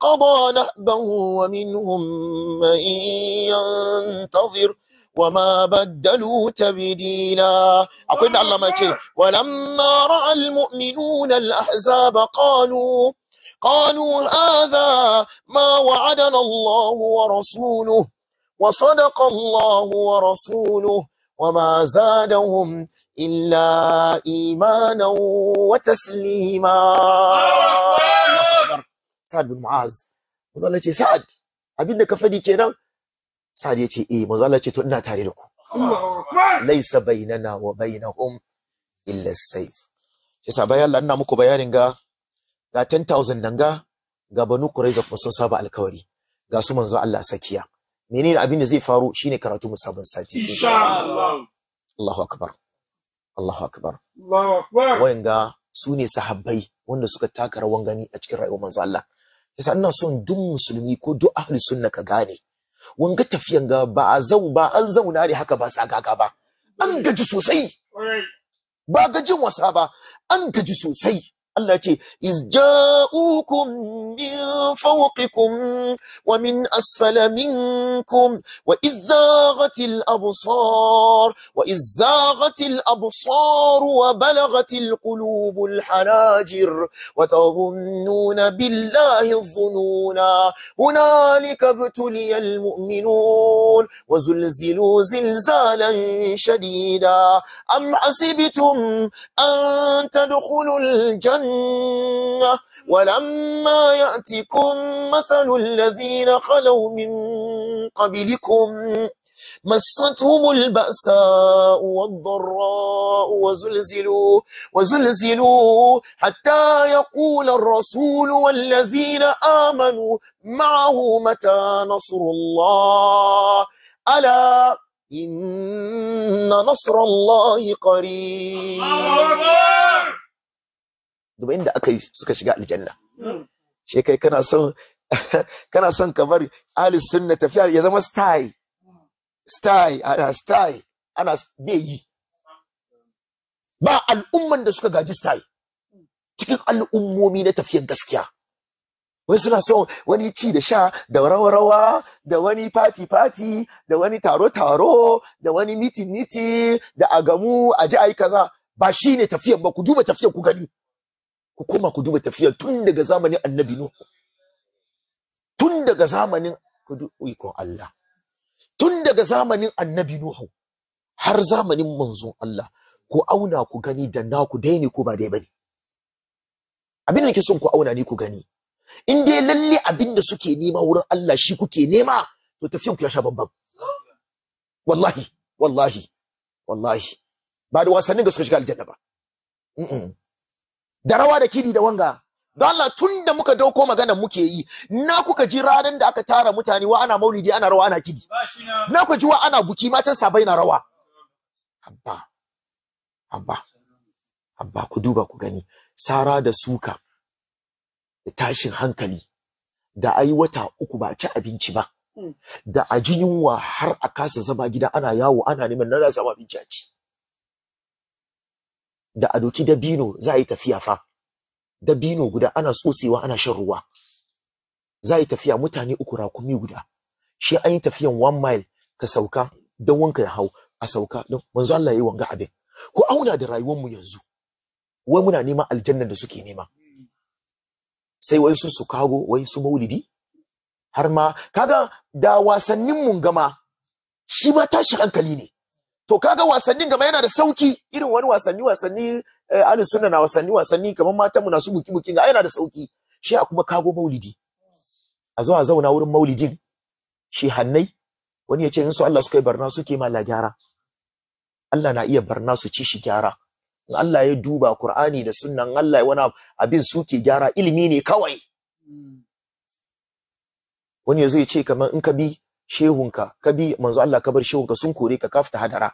قضى نهبه ومنهم من ينتظر وما بدلوا تبديلا أقول الله ما ولما رأى المؤمنون الأحزاب قالوا قالوا هذا ما وعدنا الله ورسوله وصدق الله ورسوله وما زادهم إلا إيمانا وتسليما سعد بن معاذ سعد أبي كفدي كده sa'ad ya ce eh manzo Allah ce to ina tare da ku laisa bainana wa bainahum illa sayf yasa bayan Allah ina muku bayanin ga ga 10000 danga ga banu quraiza kuma sun saba alkawari ga su manzo Allah sakiya menene abin da zai faru shine karatu musabban sati insha Allah Allahu akbar Allahu akbar Allahu akbar wanda su ne sahabbai wanda suka taka rawan gani a cikin rayuwar manzo Allah yasa ina son duk musulmi ko duk ahli sunna ka gane wanga tafiyan ga ba a zau ba an zauna ne haka ba sagaga ba an hmm. gaji sosai ba gajin wasa ba an gaji sosai التي إذ جاءوكم من فوقكم ومن أسفل منكم وإذ زاغت الأبصار وإذ زاغت الأبصار وبلغت القلوب الحناجر وتظنون بالله الظنونا هنالك ابتلي المؤمنون وزلزلوا زلزالا شديدا أم حسبتم أن تدخلوا الجنة الجنة ولما يأتكم مثل الذين خلوا من قبلكم مستهم البأساء والضراء وزلزلوا وزلزلوا حتى يقول الرسول والذين آمنوا معه متى نصر الله ألا إن نصر الله قريب duba inda aka yi suka shiga aljanna shi kai kana son [laughs] kana son ka bar ahli sunna tafiya ya zama style style ana style ana bai yi ba al'umman da suka gaji style cikin al'ummomi na tafiyar gaskiya wani suna son wani ci da sha da rawa-rawa da wani fati-fati da wani taro-taro da wani miti miti da agamu a ji ai kaza ba shi ne tafiyan ba ku duba tafiyar ku gani ku koma ku duba tafiyar tun daga zamanin annabi nuhu tun daga zamanin ikon Allah tun daga zamanin annabi nuhu har zamanin manzon Allah ku auna ku gani da naku dai ne ko ba dai bane abin da nake son ku auna ne ku gani in dai lalle abin da suke nema wurin Allah shi kuke nema to tafiyar ku ya sha babban wallahi wallahi wallahi ba da wasannin da suka shiga aljanna ba da rawa da kidi da wanga don Allah tun da muka dauko magana muke yi na kuka ji ranar da aka tara mutane wa ana maulidi ana rawa ana kidi na kuka ji wa ana buki matan sabai na rawa abba abba abba ku duba ku gani sara da suka tashin hankali da ai wata uku ba ci abinci ba hmm. da a ji yunwa har a kasa zama gida ana yawo ana neman na za su abinci a ci da a doki dabino za a yi tafiya fa dabino guda ana tsotsewa ana shan ruwa za a yi tafiya mutane uku rakumi guda shi an yi tafiyan one mile ka sauka don wanka ya hau a sauka don manzo Allah ya yi wanga abin ko auna da rayuwar mu yanzu wai muna neman aljanna da suke nema sai wai su kago wai su maulidi har ma kaga da wasannin mun gama shi ma tashi hankali ne to kaga wasannin gaba yana da sauki irin wani wasanni wasanni eh, Ali sunna na wasanni wasanni kamar matan mu na su buki buki ga yana da sauki shi a kuma kago maulidi a zo a zauna wurin maulidin shi hannai wani ya ce in su Allah suka yi barna suke mala gyara Allah na iya barna su ci shi gyara in Allah ya duba Qur'ani da sunnan Allah wani abin suke gyara ilimi ne kawai hmm. wani ya zo ya ce kamar in ka bi shehunka ka bi manzo Allah ka bar shehunka sun kore ka kafta hadara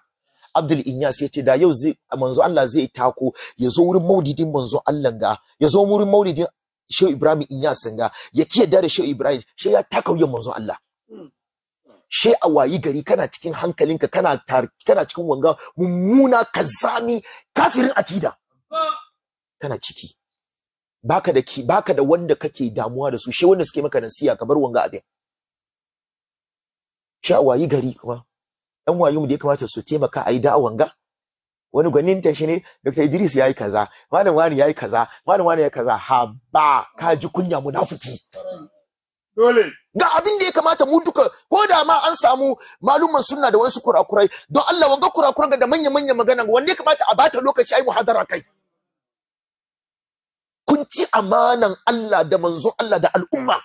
Abdul Inyas ya ce da yau zai manzo Allah zai tako ya zo wurin maulidin manzo Allah ga ya zo wurin maulidin Shehu Ibrahim Inyas ga ya ki da Shehu Ibrahim she ya taka wuyan manzo Allah hmm. she a wayi gari kana cikin hankalinka kana kana cikin wanga mummuna kazami kafirin akida kana ciki baka da baka da wanda kake damuwa da su she wanda suke maka nasiya ka bar wanga abin sha wayi gari kuma ɗan wayo mu da ya kamata su taimaka a yi da'awan ga wani gwaninta shi ne Dr. Idris ya yi kaza malam wani ya yi kaza malam wani ya yi kaza haba ka ji kunya munafiki dole ga abin da ya kamata mu duka ko da ma an samu malumman sunna da wasu kurakurai don Allah wanga kurakuran da manya manya magana wanda ya kamata a bata lokaci ai muhadara kai kun ci amanan Allah da manzon Allah da al'umma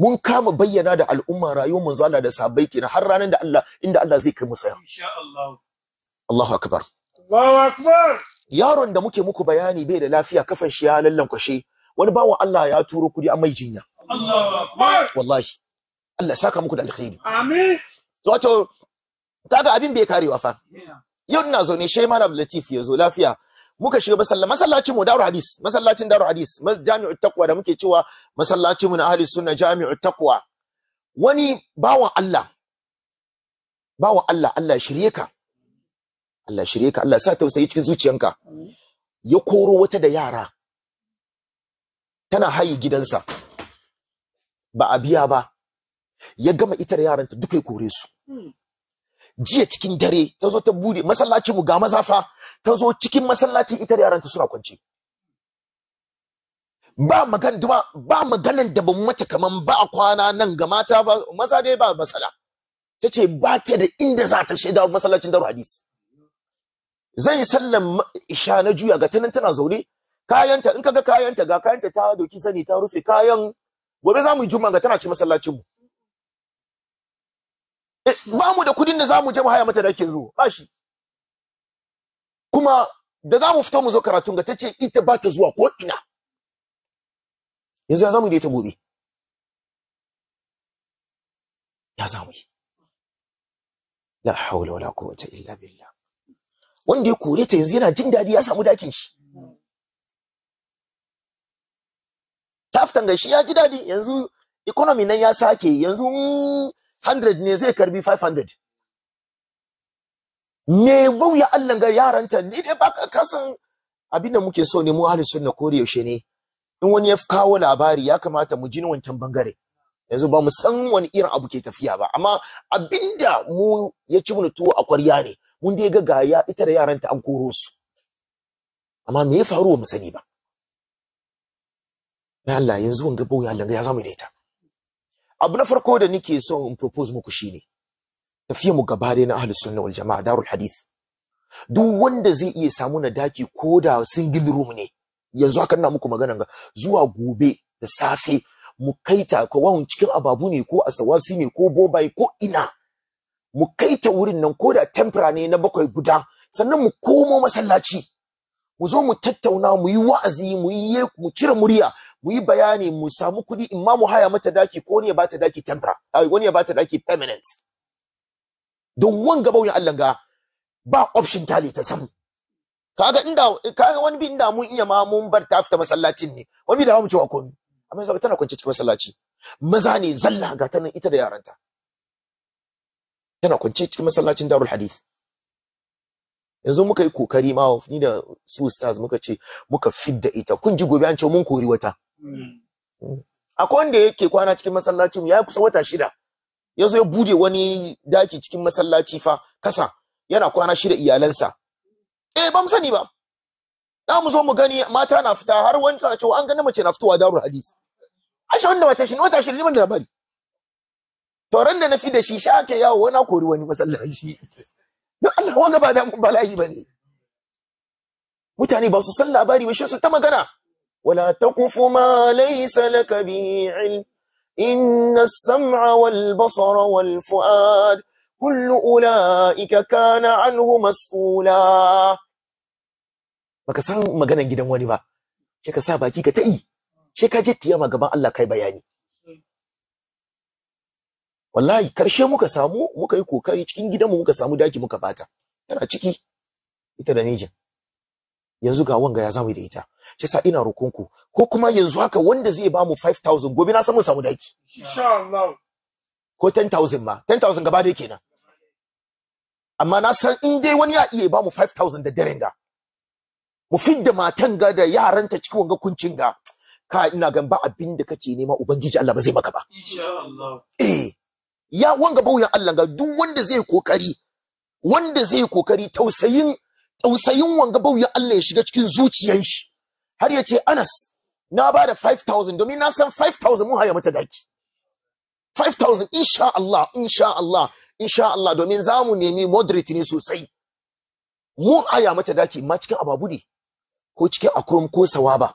mun kama bayyana da al'umma rayuwar manzo Allah da sabai kenan har ranar da Allah inda Allah zai kai mu tsaya Allahu akbar Allahu akbar yaron da muke muku bayani bai da lafiya kafan shi ya lallankwashe wani bawan Allah ya turo kudi a mai jinya Allahu akbar wallahi Allah saka muku da alkhairi amin wato kaga abin bai karewa fa yau ina zaune Shayman Abdul Latif ya zo lafiya muka shiga masallacin mu daru hadis masallacin daru hadis jami'ut taqwa da muke cewa masallacin mu na ahli sunna jami'ut taqwa wani bawan Allah bawan Allah Allah shirye ka Allah shirye ka Allah sa tausayi cikin zuciyanka ya koro wata da yara tana hayi gidansa ba a biya ba ya gama ita da yaranta duka ya kore su hmm. jiya cikin dare ta zo ta bude masallacin mu ga mazafa ta zo cikin masallacin ita da ta suna kwance ba magan ba maganan da ban mata kaman ba kwana nan ga mata ba maza dai ba masala ta ce ba ta da inda za ta shaida masallacin daru hadisi zan sallan isha na juya ga tanan tana zaune kayanta in kaga kayanta ga kayanta ta doki sani ta rufe kayan gobe za mu yi juma'a ga tana ci masallacin mu Eh, ba mu da kudin da za mu je mu haya mata da ake zo ba shi kuma da za mu fito mu zo karatun ga ce ita ba ta zuwa ko ina yanzu ya zamu da ita gobe ya zamu yi la hawla wala quwwata illa billah wanda ya kore ta yanzu yana jin dadi ya samu dakin shi taftan ga shi ya ji dadi yanzu economy nan ya sake yanzu mm, 100 ne zai karbi 500 me bauya Allah ga yaranta ni dai baka kasan? abin da muke so ne mu ahli sunna kore yaushe ne in wani ya kawo labari ya kamata mu ji wancan bangare yanzu ba mu san wani irin abu ke tafiya ba amma abinda mu ya ci mu tuwo a kwarya ne mun dai ga ya ita da yaranta an koro su amma me ya faru mu sani ba Allah yanzu wanga bauya Allah ya zama daita abu na farko da nake so in propose muku shine tafiya mu gaba dai na ahlus sunna wal jama'a darul hadith duk wanda zai iya samu na daki ko da single room ne yanzu haka ina muku magana ga zuwa gobe da safe mu kaita ko cikin ababu ne ko asawasi ne ko bobai ko ina mu kaita wurin nan ko da tempura ne na bakwai guda sannan mu komo masallaci mu zo mu tattauna mu yi wa'azi mu yi mu cire murya mu yi bayani mu samu kuɗi in ma mu haya mata daki ko wani ya bata daki temporary wani ya bata daki permanent don wanga bauyin Allah ga ba option tali ta samu kaga inda kaga wani bi inda mun iya ma mun bar ta fita masallacin ne wani bi da mu ci wa komi amma yanzu tana kwance cikin masallaci maza ne zalla ga ta nan ita da yaranta tana kwance cikin masallacin Darul Hadith yanzu muka yi kokari ma ni da su stars muka ce muka fidda ita kun ji gobe an ce mun kori wata akwai wanda yake kwana cikin masallacin ya kusa wata shida ya zo ya bude wani daki cikin masallaci fa kasa yana kwana shida iyalansa eh ba mu sani ba za mu zo mu gani mata na fita har wani sana cewa an gani mace na fitowa darul hadis ashe wanda wata shi wata shi liman da labari to ran da na fi da shi sha ke yawo wani kori wani masallaci [laughs] don Allah wanda ba da mu bala'i bane mutane ba su san labari ba shi su ta magana ولا تقف ما ليس لك به علم إن السمع والبصر والفؤاد كل أولئك كان عنه مسؤولا baka san maganar gidan wani ba sai ka sa baki ka ta'i sai ka je tiyama gaban Allah kai bayani wallahi karshe muka samu muka yi kokari cikin gidanmu muka samu daki muka bata tana ciki ita da Niger yanzu ga wanga ya zamu da ita shi yasa ina ku. ko kuma yanzu haka wanda zai ba mu 5000 gobe na san mun samu daki insha Allah ko 10000 ma 10000 gaba da kenan amma na san in dai wani ya iya ba mu 5000 da daren ga mu fidda matan ga da yaranta cikin wanga kuncin ga ka ina gan ba abin da kake nema ubangiji Allah ba zai maka ba insha Allah eh ya wanga bauyan Allah ga duk wanda zai kokari wanda zai kokari tausayin tausayin wanga bauya Allah ya shiga cikin zuciyanshi. shi har ya ce Anas na ba da 5000 domin na san 5000 mun haya mata daki 5000 insha Allah insha Allah insha Allah domin zamu nemi moderate ne sosai mun haya mata daki ma cikin ababu ne ko cikin akurum ko sawaba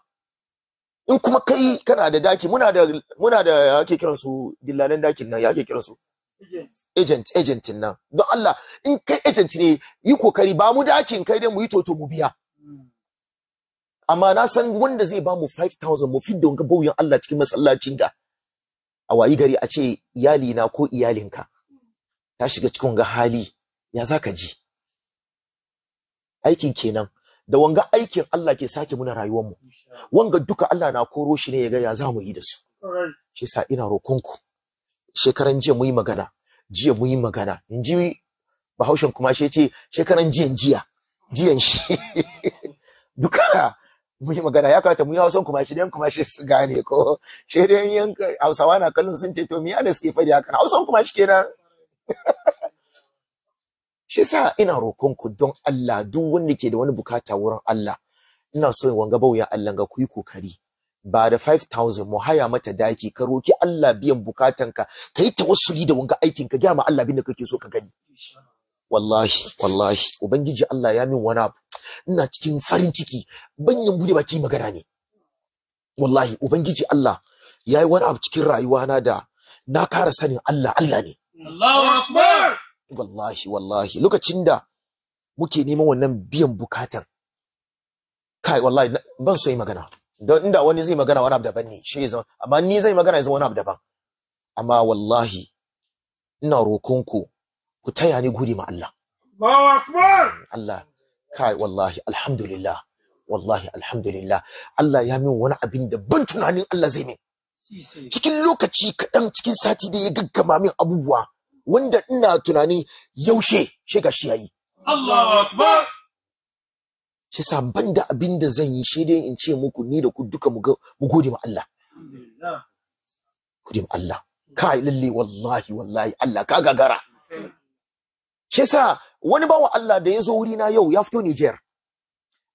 in kuma kai kana da daki muna da muna da yake kiransu dillalan dakin nan yake kiransu agent agent nan don Allah in kai agent ne yi kokari ba mu dakin kai dai mu yi toto mu biya amma na san wanda zai ba mu 5000 mu fidda wanga bauyin Allah cikin masallacin ga a wayi gari a ce iyali na ko iyalinka ta shiga cikin ga hali ya zaka ji aikin kenan da wanga aikin Allah ke sake muna rayuwar mu wanga duka Allah na koro shi ne ya ga ya za mu yi da su shi sa ina rokonku shekaran jiya mu yi magana jiya mun yi magana in ji bahaushen kuma shi ce shekaran jiyan jiya jiyan shi [laughs] duka mun yi magana ya kamata mun yi hausan kuma shi dan kuma shi su gane ko shi dan yanka hausawa na kallon sun ce to me yana suke fadi haka hausan kuma shi kenan [laughs] shi sa ina roƙon ku don Allah duk wanda ke da wani bukata wurin Allah ina so wanga ya Allah ga ku yi kokari ba da 5000 mu haya mata daki ka roki Allah biyan bukatanka kai tawassuli da wanga aikin ka ma Allah bin da kake so ka gani wallahi wallahi ubangiji Allah ya min wani abu ina cikin farin ciki banyan bude baki magana ne wallahi ubangiji Allah ya yi wani abu cikin rayuwa na da na kara sanin Allah Allah ne Allahu akbar wallahi wallahi lokacin da muke neman wannan biyan bukatan kai wallahi ban so yi magana don inda wani zai magana wani abu daban ne shi zama amma ni zai magana zama wani abu daban amma wallahi ina rokonku ku taya ni gode ma Allah Allahu akbar Allah kai wallahi alhamdulillah wallahi alhamdulillah Allah ya min wani abin da ban tunanin Allah zai min cikin lokaci kaɗan cikin sati da ya gaggama min abubuwa wanda ina tunani yaushe shi ga shi yayi Allahu akbar shi yasa ban da abin da zan yi shi dai in ce muku ni da ku duka mu gode ma Allah gode ma Allah kai lalle wallahi wallahi Allah ka gagara shi yasa wani bawa Allah da ya zo wuri na yau ya fito Niger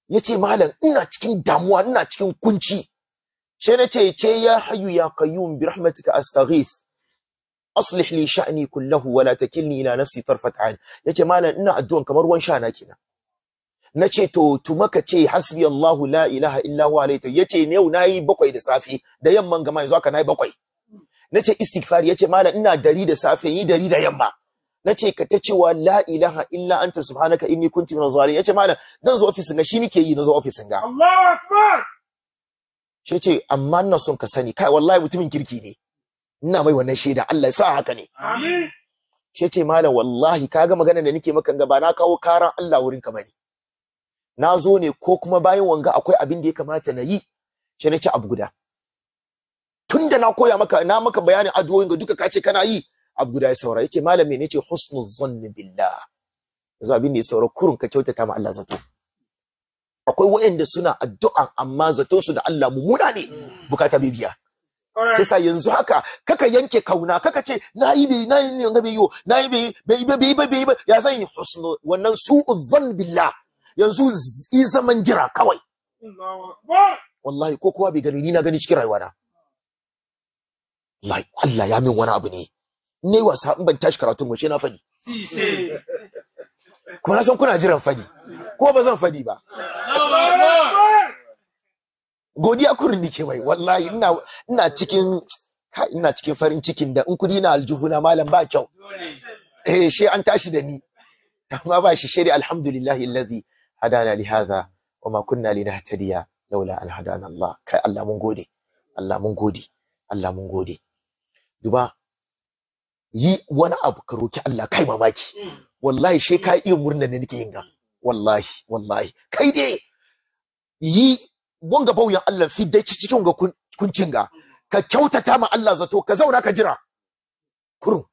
ya ce malam ina cikin damuwa ina cikin kunci shi na ce ce ya hayu ya qayyum bi rahmatika astaghith aslih li sha'ni kullahu wa la takilni ila nafsi tarfat ayn yace malam ina addu'an kamar ruwan sha na kenan na ce to tu maka ce hasbi Allahu la ilaha illa huwa alayhi ya ce yau nayi bakwai da safi da yamma gama yanzu haka nayi bakwai na ce istighfar ya ce malam ina dari da safe yi dari da yamma na ce ka ta cewa la ilaha illa anta subhanaka inni kuntu minaz zalimin ya ce malam dan zo ofisin ga shi nake yi na zo ofisin ga Allahu akbar shi ce amma na son ka sani kai wallahi mutumin kirki ne ina mai wannan shaida Allah ya sa haka ne amin shi ce malam wallahi kaga magana da nake maka ga ba na kawo karan Allah wurin ka bane na zo ne ko kuma bayan wanga akwai abin da ya kamata na yi shi na ci abu guda tun da na koya maka na maka bayanin addu'o'in ga duka kace kana yi abu guda ya saura yace malami ne yace husnul zanni billah yanzu abin da ya saura kurun ka kyautata ma Allah zato akwai waɗanda suna addu'a amma zato su da Allah mumuna ne bukata bibiya biya sai sa yanzu haka kaka yanke kauna kaka ce na yi bai na yi ne ga bai yi na yi bai bai bai bai ya zan husnul wannan su'uz zan billah yanzu yi zaman jira kawai wallahi ko kowa bai gani ni na gani cikin rayuwa na Allah ya min wani abu ne ne wasa in ban tashi karatun mu na fadi kuma na san kuna jiran fadi ko ba zan fadi ba godiya kurin nike wai wallahi ina ina cikin ina cikin farin cikin da in kudi na aljuhuna malam ba kyau eh she an tashi da ni amma ba shi shari alhamdulillahi allazi hadana li hadha wa ma kunna linahtadiya laula an hadana Allah kai Allah mun gode Allah mun gode Allah mun gode duba yi wani abu ka roki Allah kai mamaki wallahi she ka iya murna ne nake yin ga wallahi wallahi kai dai yi wanga bauyan Allah fi dai cikin ga kuncin ga ka kyautata ma Allah zato ka zauna ka jira kurun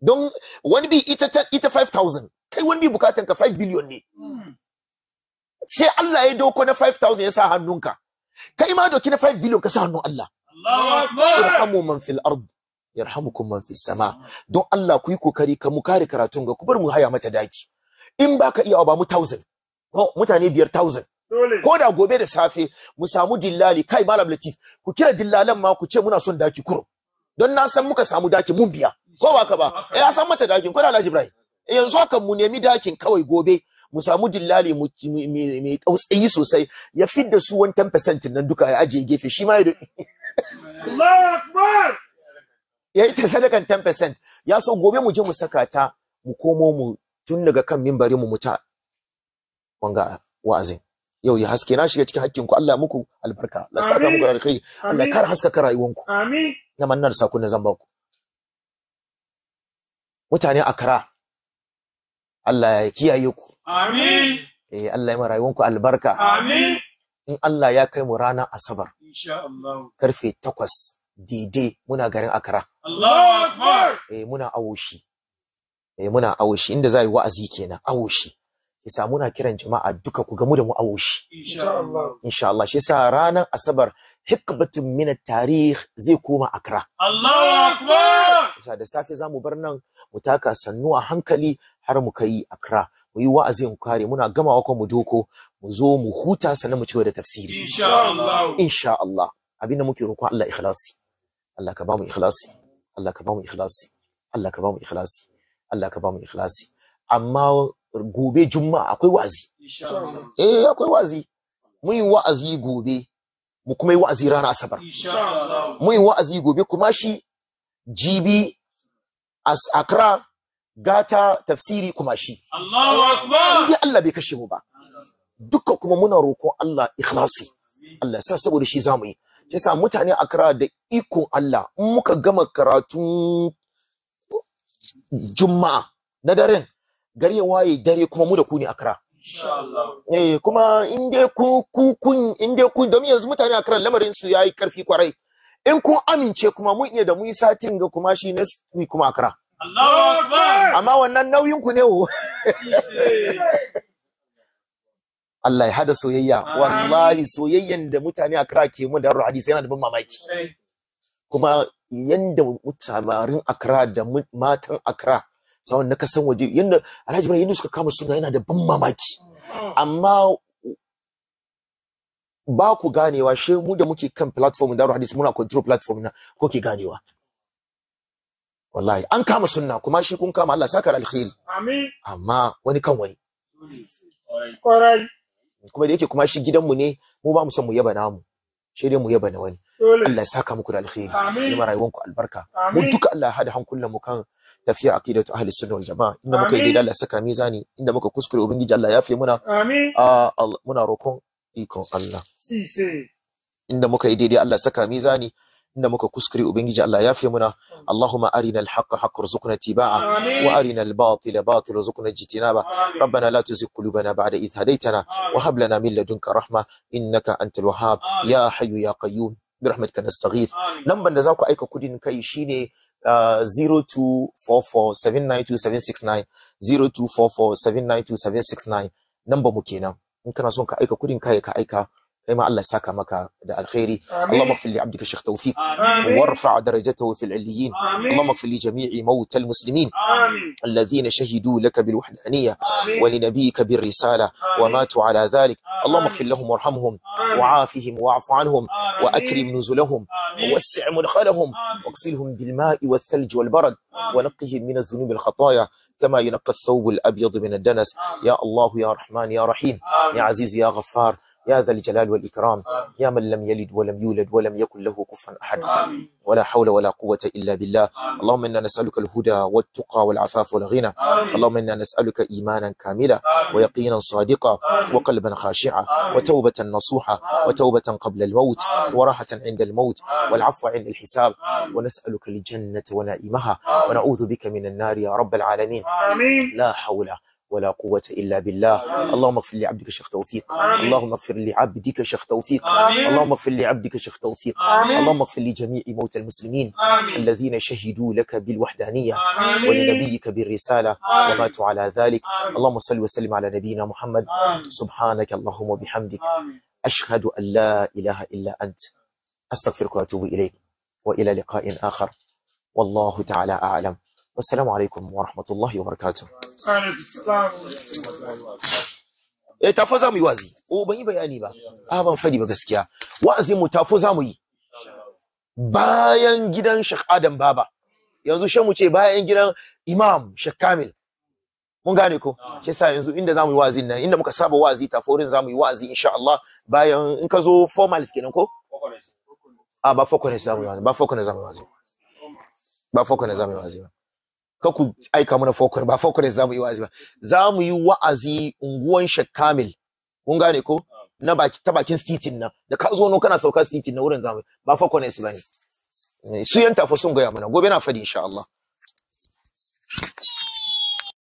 don wani bi ita ita 5000 kai wani bi bukatan ka 5 billion ne hmm. sai Allah ya doko na 5000 ya sa hannunka kai ma doki na 5 billion ka sa hannun Allah akbar irhamu man fil ard yarhamukum man fis sama don Allah ku yi kokari ka mu kare karatun ga ku bar mu haya mata daki in baka iya ba mu 1000 mutane biyar 1000 ko da gobe da safe mu samu dillali kai malam latif ku kira dillalan ma ku ce muna son daki kuro don na san muka samu daki mun biya ko ba ka ba eh, ya san mata dakin ko da Alhaji Ibrahim eh, yanzu haka mu nemi dakin kawai gobe mu samu dillali mai tsayi sosai ya fidda su 10% nan duka ya ajiye gefe shi ma ya [laughs] ya yi ta sadakan 10% ya so gobe mu je mu saka ta mu komo mu tun daga kan mimbari mu muta wanga wa'azin yau ya haske na shiga cikin hakkin ku Allah muku albarka la saka muku alkhairi Allah kar haskaka ku amin na mannar sako na zan ku. mutane a Allah ya kiyaye ku amin eh Allah ya ma rayuwanku albarka amin in Allah ya kai mu ranar asabar insha Allah karfe 8 daidai muna garin Akara. Allahu akbar eh muna awoshi eh muna awoshi inda za yi wa'azi kenan awoshi sa muna kiran jama'a duka ku gamu da mu Insha Allah. insha Allah shi yasa ranar asabar hikbatun min tarih zai koma Akara. Allahu akbar yasa da safe zamu bar nan mu taka sannu a hankali har mu kai Accra mu yi wa'azin mu kare muna gama ko mu doko mu zo mu huta sannan mu ci da tafsiri insha Allah insha Allah abin da muke roƙon Allah ikhlasi Allah ka ba mu ikhlasi Allah ka ba mu ikhlasi Allah ka ba mu ikhlasi Allah ka ba mu ikhlasi amma gobe juma'a akwai wa'azi eh akwai wa'azi mu yi wa'azi gobe mu kuma yi wa'azi ranar asabar mu yi wa'azi gobe kuma shi jibi as akra gata tafsiri kuma shi Allahu Allah bai kashe mu ba duka kuma muna roƙon Allah ikhlasi Allah sa saboda shi zamu yi sai sa mutane a kara da iko Allah in muka gama karatu juma'a na daren gari ya waye dare kuma mu da ku ne a kara. Eh kuma in dai ku ku kun in dai ku domin yanzu mutane a kara lamarin su yayi karfi kwarai in kun amince kuma mun iya da mu yi satin ga kuma shi ne kuma a kara. Amma wannan nauyin ku ne wo. Oh. [laughs] Allah ya hada soyayya wallahi soyayyan da mutane a kira ke mu da hadisi yana da ban mamaki kuma yanda mutabarin akra da matan akra sawon na kasan waje yanda Alhaji Ibrahim yanda suka kama suna yana da ban mamaki amma ba ku ganewa shi mu da muke kan platform da hadisi muna control platform na ko ke ganewa wallahi an kama sunna kuma shi kun kama Allah saka alkhairi amin amma wani kan wani kuma da yake kuma shi gidanmu ne mu ba mu san mu yaba namu shi dai mu yaba na wani Allah ya saka muku da alkhairi ya ma rayuwanku albarka mu duka Allah ya hada hankulan mu kan tafiya aqidatu ahli sunna wal jamaa inda muka yi da Allah saka mizani inda muka kuskure ubangiji Allah ya fi muna amin muna roƙon ikon Allah inda muka yi daidai Allah saka mizani inda muka kuskure ubangiji Allah ya fi muna Allahumma arina al-haqqa haqqa warzuqna ittiba'a wa arina al-batila batila warzuqna ijtinaba rabbana la tuzigh qulubana ba'da idh hadaytana wa hab lana min ladunka rahma innaka antal wahhab ya hayyu ya qayyum برحمتك نستغيث نمبر da ku aika kudin kai shine 0244792769 0244792769 namba mu kenan in kana son ka aika kudin kai ka aika كما الله ساكا مكا دا الخير اللهم اغفر لعبدك الشيخ توفيق وارفع درجته في العليين اللهم اغفر لجميع موتى المسلمين آمين. الذين شهدوا لك بالوحدانية ولنبيك بالرسالة وماتوا على ذلك اللهم اغفر لهم وارحمهم وعافهم واعف عنهم وأكرم نزلهم ووسع مدخلهم واغسلهم بالماء والثلج والبرد ونقهم من الذنوب الخطايا كما ينقى الثوب الأبيض من الدنس يا الله يا رحمن يا رحيم يا عزيز يا غفار يا ذا الجلال والإكرام يا من لم يلد ولم يولد ولم يكن له كفوا أحد ولا حول ولا قوة إلا بالله اللهم إنا نسألك الهدى والتقى والعفاف والغنى اللهم إنا نسألك إيمانا كاملا ويقينا صادقا وقلبا خاشعا وتوبة نصوحة وتوبة قبل الموت وراحة عند الموت والعفو عند الحساب ونسألك الجنة ونائمها ونعوذ بك من النار يا رب العالمين لا حول ولا قوة إلا بالله اللهم اغفر لعبدك شيخ توفيق اللهم اغفر لعبدك شيخ توفيق اللهم اغفر لعبدك شيخ توفيق اللهم اغفر لجميع موتى المسلمين الذين شهدوا لك بالوحدانية ولنبيك بالرسالة وماتوا على ذلك اللهم صل وسلم على نبينا محمد سبحانك اللهم وبحمدك أشهد أن لا إله إلا أنت أستغفرك وأتوب إليك وإلى لقاء آخر والله تعالى أعلم والسلام عليكم ورحمة الله وبركاته eh tafo za mu yi wazi o oh, ban yi bayani ba a ah, ban fadi ba gaskiya wazi mu tafo za mu yi bayan gidan Sheikh Adam Baba yanzu shan mu ce bayan gidan Imam Sheikh Kamil mun gane ko shi sa yanzu inda zamu yi wazin nan inda muka saba wazi tafo rin zamu yi wazi insha Allah bayan in ka zo formalist kenan ko a ah, ba fokon zamu yi wazi, ba fokon zamu yi wazi, ba fokon zamu yi wazi. ba ka ku aika mana fokur ba fokur za mu yi wa'azi ba za mu yi wa'azi unguwan Kamil. kun gane ko na baki ta bakin stitin nan da ka zo no kana sauka stitin na wurin zamu ba fokur ne su bane su yanta fa sun ga mana gobe na fadi insha Allah